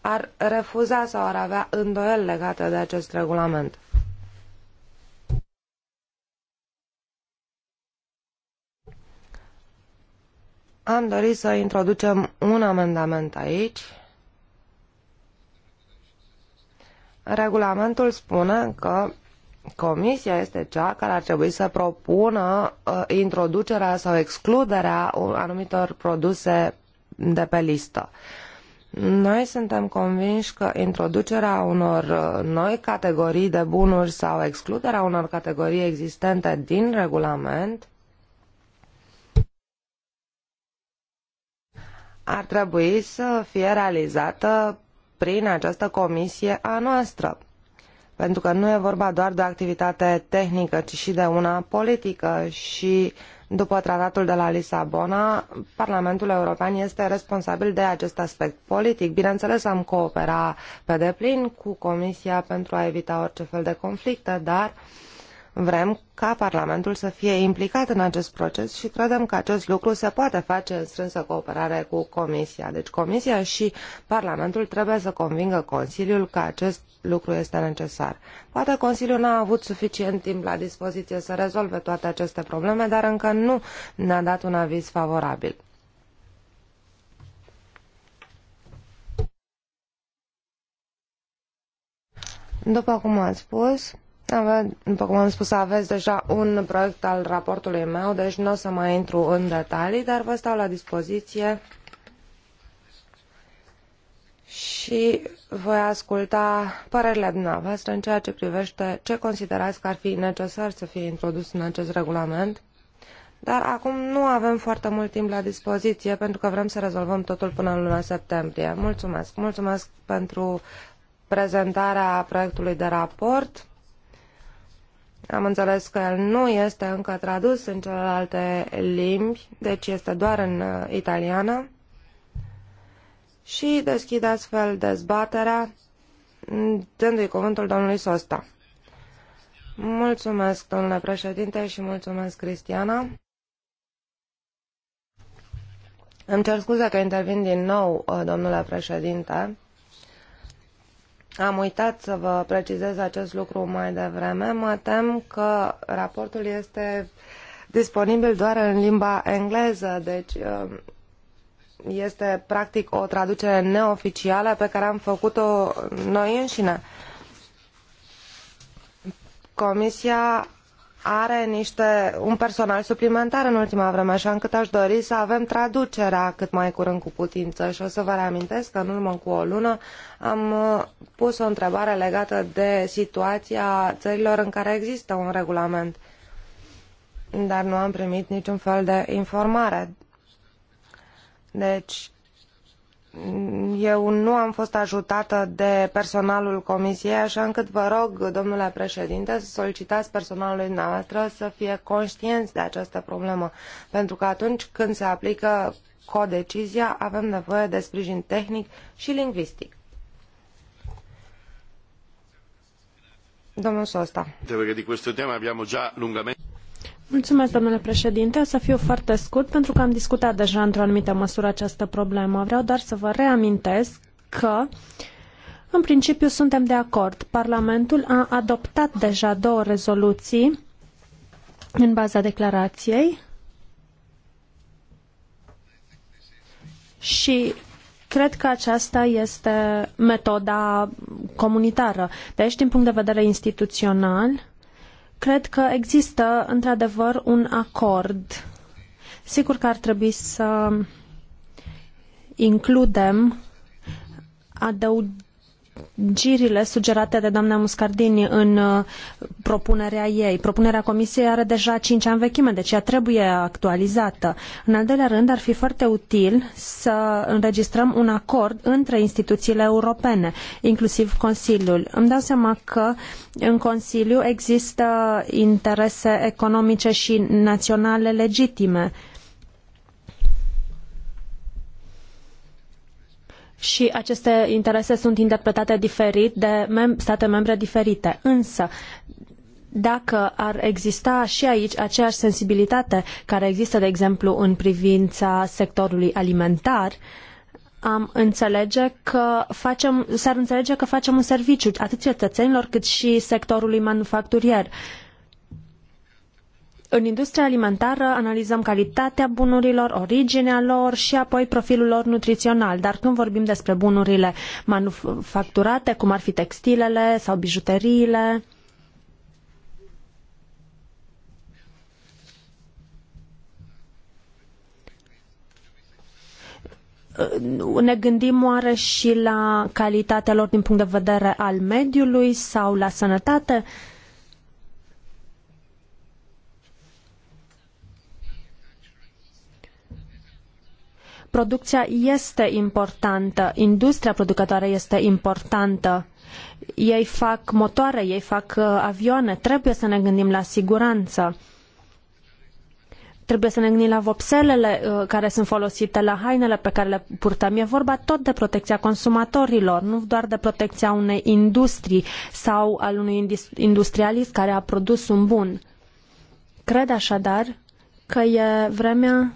ar refuza sau ar avea îndoieli legate de acest regulament. Am dorit să introducem un amendament aici. Regulamentul spune că Comisia este cea care ar trebui să propună uh, introducerea sau excluderea anumitor produse de pe listă. Noi suntem convinși că introducerea unor uh, noi categorii de bunuri sau excluderea unor categorii existente din regulament ar trebui să fie realizată prin această comisie a noastră. Pentru că nu e vorba doar de o activitate tehnică, ci și de una politică și după tratatul de la Lisabona, Parlamentul European este responsabil de acest aspect politic. Bineînțeles, am coopera pe deplin cu Comisia pentru a evita orice fel de conflicte, dar uh, Vrem ca Parlamentul să fie implicat în acest proces și credem că acest lucru se poate face în strânsă cooperare cu Comisia. Deci Comisia și Parlamentul trebuie să convingă Consiliul că acest lucru este necesar. Poate Consiliul n-a avut suficient timp la dispoziție să rezolve toate aceste probleme, dar încă nu ne-a dat un aviz favorabil. După cum am spus, Ave, după cum am spus, aveți deja un proiect al raportului meu, deci nu o să mai intru în detalii, dar vă stau la dispoziție și voi asculta părerile dumneavoastră în ceea ce privește ce considerați că ar fi necesar să fie introdus în acest regulament. Dar acum nu avem foarte mult timp la dispoziție pentru că vrem să rezolvăm totul până în luna septembrie. Mulțumesc! Mulțumesc pentru prezentarea proiectului de raport. Am înțeles că el nu este încă tradus în celelalte limbi, deci este doar în uh, italiană. Și deschid astfel dezbaterea, dându-i cuvântul domnului Sosta. Mulțumesc, domnule președinte, și mulțumesc, Cristiana. Îmi cer scuze că intervin din nou, uh, domnule președinte. Am uitat să vă precizez acest lucru mai devreme. Mă tem că raportul este disponibil doar în limba engleză, deci um, este practic o traducere neoficială pe care am făcut-o noi înșine. Comisia are niște, un personal suplimentar în ultima vreme, așa încât aș dori să avem traducerea cât mai curând cu putință. Și o să vă reamintesc că în urmă cu o lună am uh, pus o întrebare legată de situația țărilor în care există un regulament, dar nu am primit niciun fel de informare. Deci, eu nu am fost ajutată de personalul comisiei, așa încât vă rog, domnule președinte, să solicitați personalului dumneavoastră să fie conștienți de această problemă, pentru că atunci când se aplică codecizia, avem nevoie de sprijin tehnic și lingvistic. Domnul Sosta. de questo tema abbiamo già lungamente Mulțumesc, domnule președinte. O să fiu foarte scurt pentru că am discutat deja într-o anumită măsură această problemă. Vreau doar să vă reamintesc că în principiu suntem de acord. Parlamentul a adoptat deja două rezoluții în baza declarației și cred că aceasta este metoda comunitară. Deci, din punct de vedere instituțional, Cred că există, într-adevăr, un acord. Sigur că ar trebui să includem adăugarea Girile sugerate de doamna Muscardini în uh, propunerea ei. Propunerea Comisiei are deja cinci ani vechime, deci ea trebuie actualizată. În al doilea rând, ar fi foarte util să înregistrăm un acord între instituțiile europene, inclusiv Consiliul. Îmi dau seama că în Consiliu există interese economice și naționale legitime și aceste interese sunt interpretate diferit de mem- state membre diferite. Însă, dacă ar exista și aici aceeași sensibilitate care există, de exemplu, în privința sectorului alimentar, am înțelege că facem, s-ar înțelege că facem un serviciu atât cetățenilor cât și sectorului manufacturier. Uh, în industria alimentară analizăm calitatea bunurilor, originea lor și apoi profilul lor nutrițional, dar când vorbim despre bunurile manufacturate, cum ar fi textilele sau bijuteriile, ne gândim oare și la calitatea lor din punct de vedere al mediului sau la sănătate? Uh, producția este importantă, industria producătoare este importantă. Ei fac motoare, ei fac uh, avioane, trebuie să ne gândim la siguranță. Trebuie să ne gândim la vopselele uh, care sunt folosite, la hainele pe care le purtăm. E vorba tot de protecția consumatorilor, nu doar de protecția unei industrii sau al unui industrialist care a produs un bun. Cred așadar că e vremea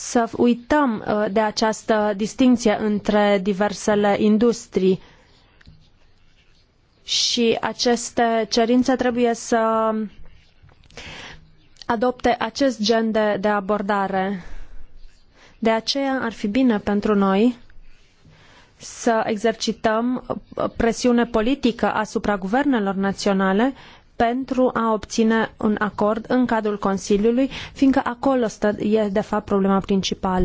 să uităm uh, de această distinție între diversele industrii și aceste cerințe trebuie să adopte acest gen de, de abordare. De aceea ar fi bine pentru noi să exercităm presiune politică asupra guvernelor naționale pentru a obține un acord în cadrul Consiliului, fiindcă acolo stă, e de fapt problema principală.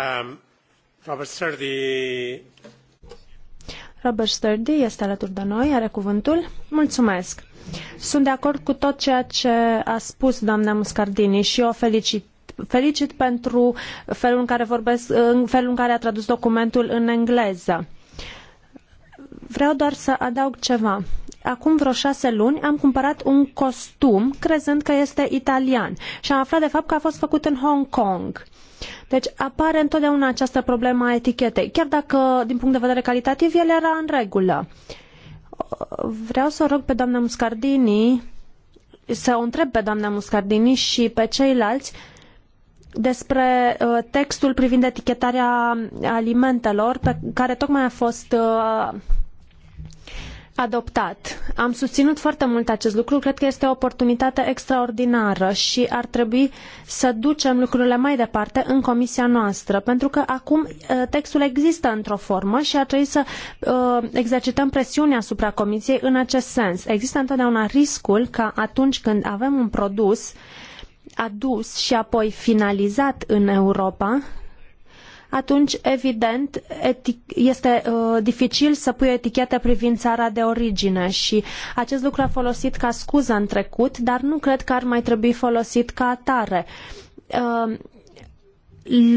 Um, Robert Sturdy. Robert Sturdy este alături de noi, are cuvântul. Mulțumesc. Sunt de acord cu tot ceea ce a spus doamna Muscardini și o felicit felicit pentru felul în care vorbesc, felul în care a tradus documentul în engleză. Vreau doar să adaug ceva. Acum vreo șase luni am cumpărat un costum crezând că este italian și am aflat de fapt că a fost făcut în Hong Kong. Deci apare întotdeauna această problemă a etichetei, chiar dacă din punct de vedere calitativ el era în regulă. Vreau să o rog pe doamna Muscardini să o întreb pe doamna Muscardini și pe ceilalți despre uh, textul privind etichetarea alimentelor pe care tocmai a fost uh, adoptat. Am susținut foarte mult acest lucru, cred că este o oportunitate extraordinară și ar trebui să ducem lucrurile mai departe în comisia noastră, pentru că acum eh, textul există într-o formă și ar trebui să uh, exercităm presiunea asupra comisiei în acest sens. Există întotdeauna riscul ca atunci când avem un produs adus și apoi finalizat în Europa, atunci, evident, este uh, dificil să pui o etichetă privind țara de origine și acest lucru a folosit ca scuză în trecut, dar nu cred că ar mai trebui folosit ca atare. Uh,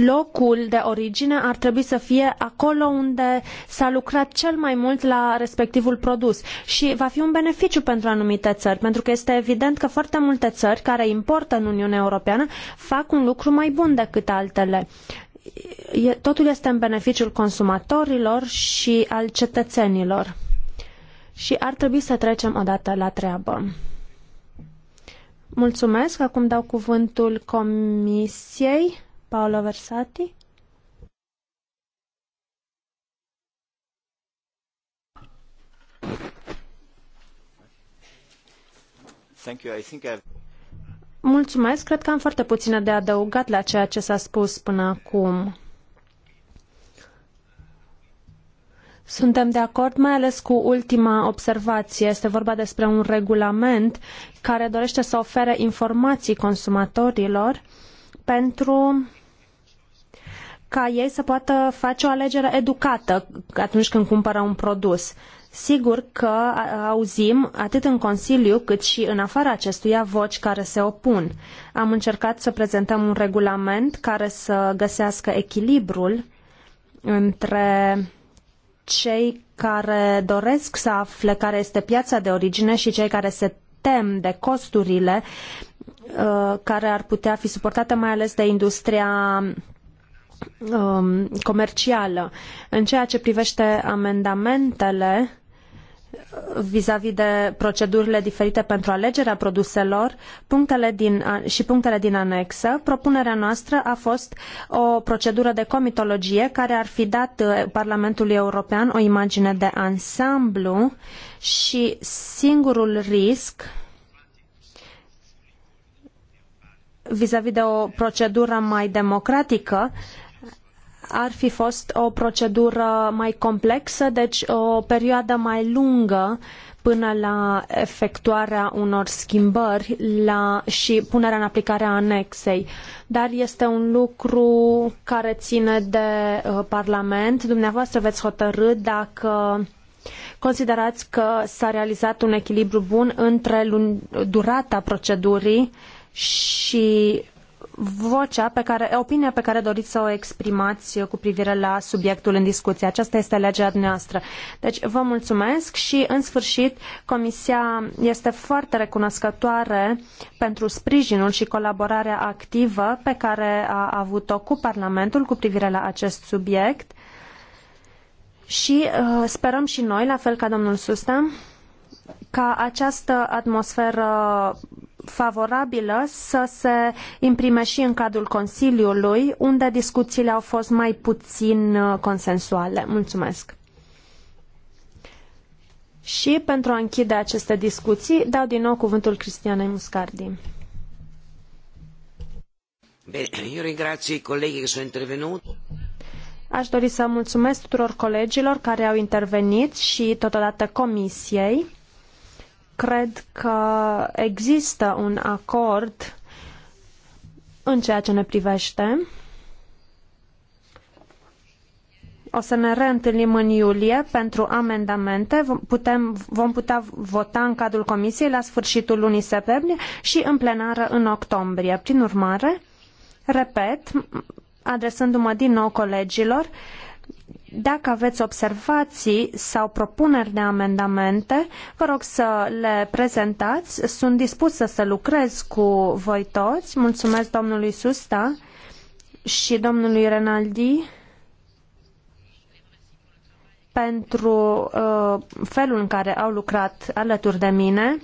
locul de origine ar trebui să fie acolo unde s-a lucrat cel mai mult la respectivul produs și va fi un beneficiu pentru anumite țări, pentru că este evident că foarte multe țări care importă în Uniunea Europeană fac un lucru mai bun decât altele totul este în beneficiul consumatorilor și al cetățenilor. Și ar trebui să trecem odată la treabă. Mulțumesc. Acum dau cuvântul Comisiei. Paolo Versati. Thank you. I think I've... Mulțumesc, cred că am foarte puține de adăugat la ceea ce s-a spus până acum. Suntem de acord, mai ales cu ultima observație. Este vorba despre un regulament care dorește să ofere informații consumatorilor pentru ca ei să poată face o alegere educată atunci când cumpără un produs. Sigur că auzim, atât în Consiliu cât și în afara acestuia, voci care se opun. Am încercat să prezentăm un regulament care să găsească echilibrul între cei care doresc să afle care este piața de origine și cei care se tem de costurile uh, care ar putea fi suportate mai ales de industria um, comercială. În ceea ce privește amendamentele, vis-a-vis de procedurile diferite pentru alegerea produselor punctele din, și punctele din anexă, propunerea noastră a fost o procedură de comitologie care ar fi dat uh, Parlamentului European o imagine de ansamblu și singurul risc vis a -vis de o procedură mai democratică ar fi fost o procedură mai complexă, deci o perioadă mai lungă până la efectuarea unor schimbări la, și punerea în aplicare a anexei. Dar este un lucru care ține de uh, Parlament. Dumneavoastră veți hotărî dacă considerați că s-a realizat un echilibru bun între durata procedurii și vocea pe care, opinia pe care doriți să o exprimați cu privire la subiectul în discuție. Aceasta este legea noastră. Deci vă mulțumesc și în sfârșit Comisia este foarte recunoscătoare pentru sprijinul și colaborarea activă pe care a avut-o cu Parlamentul cu privire la acest subiect și uh, sperăm și noi, la fel ca domnul Sustam, ca această atmosferă favorabilă să se imprime și în cadrul Consiliului, unde discuțiile au fost mai puțin uh, consensuale. Mulțumesc! Și pentru a închide aceste discuții, dau din nou cuvântul Cristianei Muscardi. Bine, eu ringrazio colegii care au intervenuti. Aș dori să mulțumesc tuturor colegilor care au intervenit și totodată comisiei cred că există un acord în ceea ce ne privește. O să ne reîntâlnim în iulie pentru amendamente. Putem, vom putea vota în cadrul comisiei la sfârșitul lunii septembrie și în plenară în octombrie. Prin urmare, repet, adresându-mă din nou colegilor, dacă aveți observații sau propuneri de amendamente, vă rog să le prezentați. Sunt dispusă să lucrez cu voi toți. Mulțumesc domnului Susta și domnului Renaldi pentru uh, felul în care au lucrat alături de mine.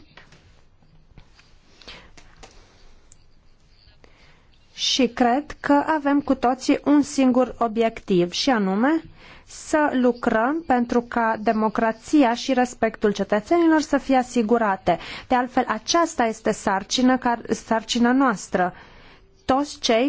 Și cred că avem cu toții un singur obiectiv și anume să lucrăm pentru ca democrația și respectul cetățenilor să fie asigurate. De altfel, aceasta este sarcina, sarcina noastră toți cei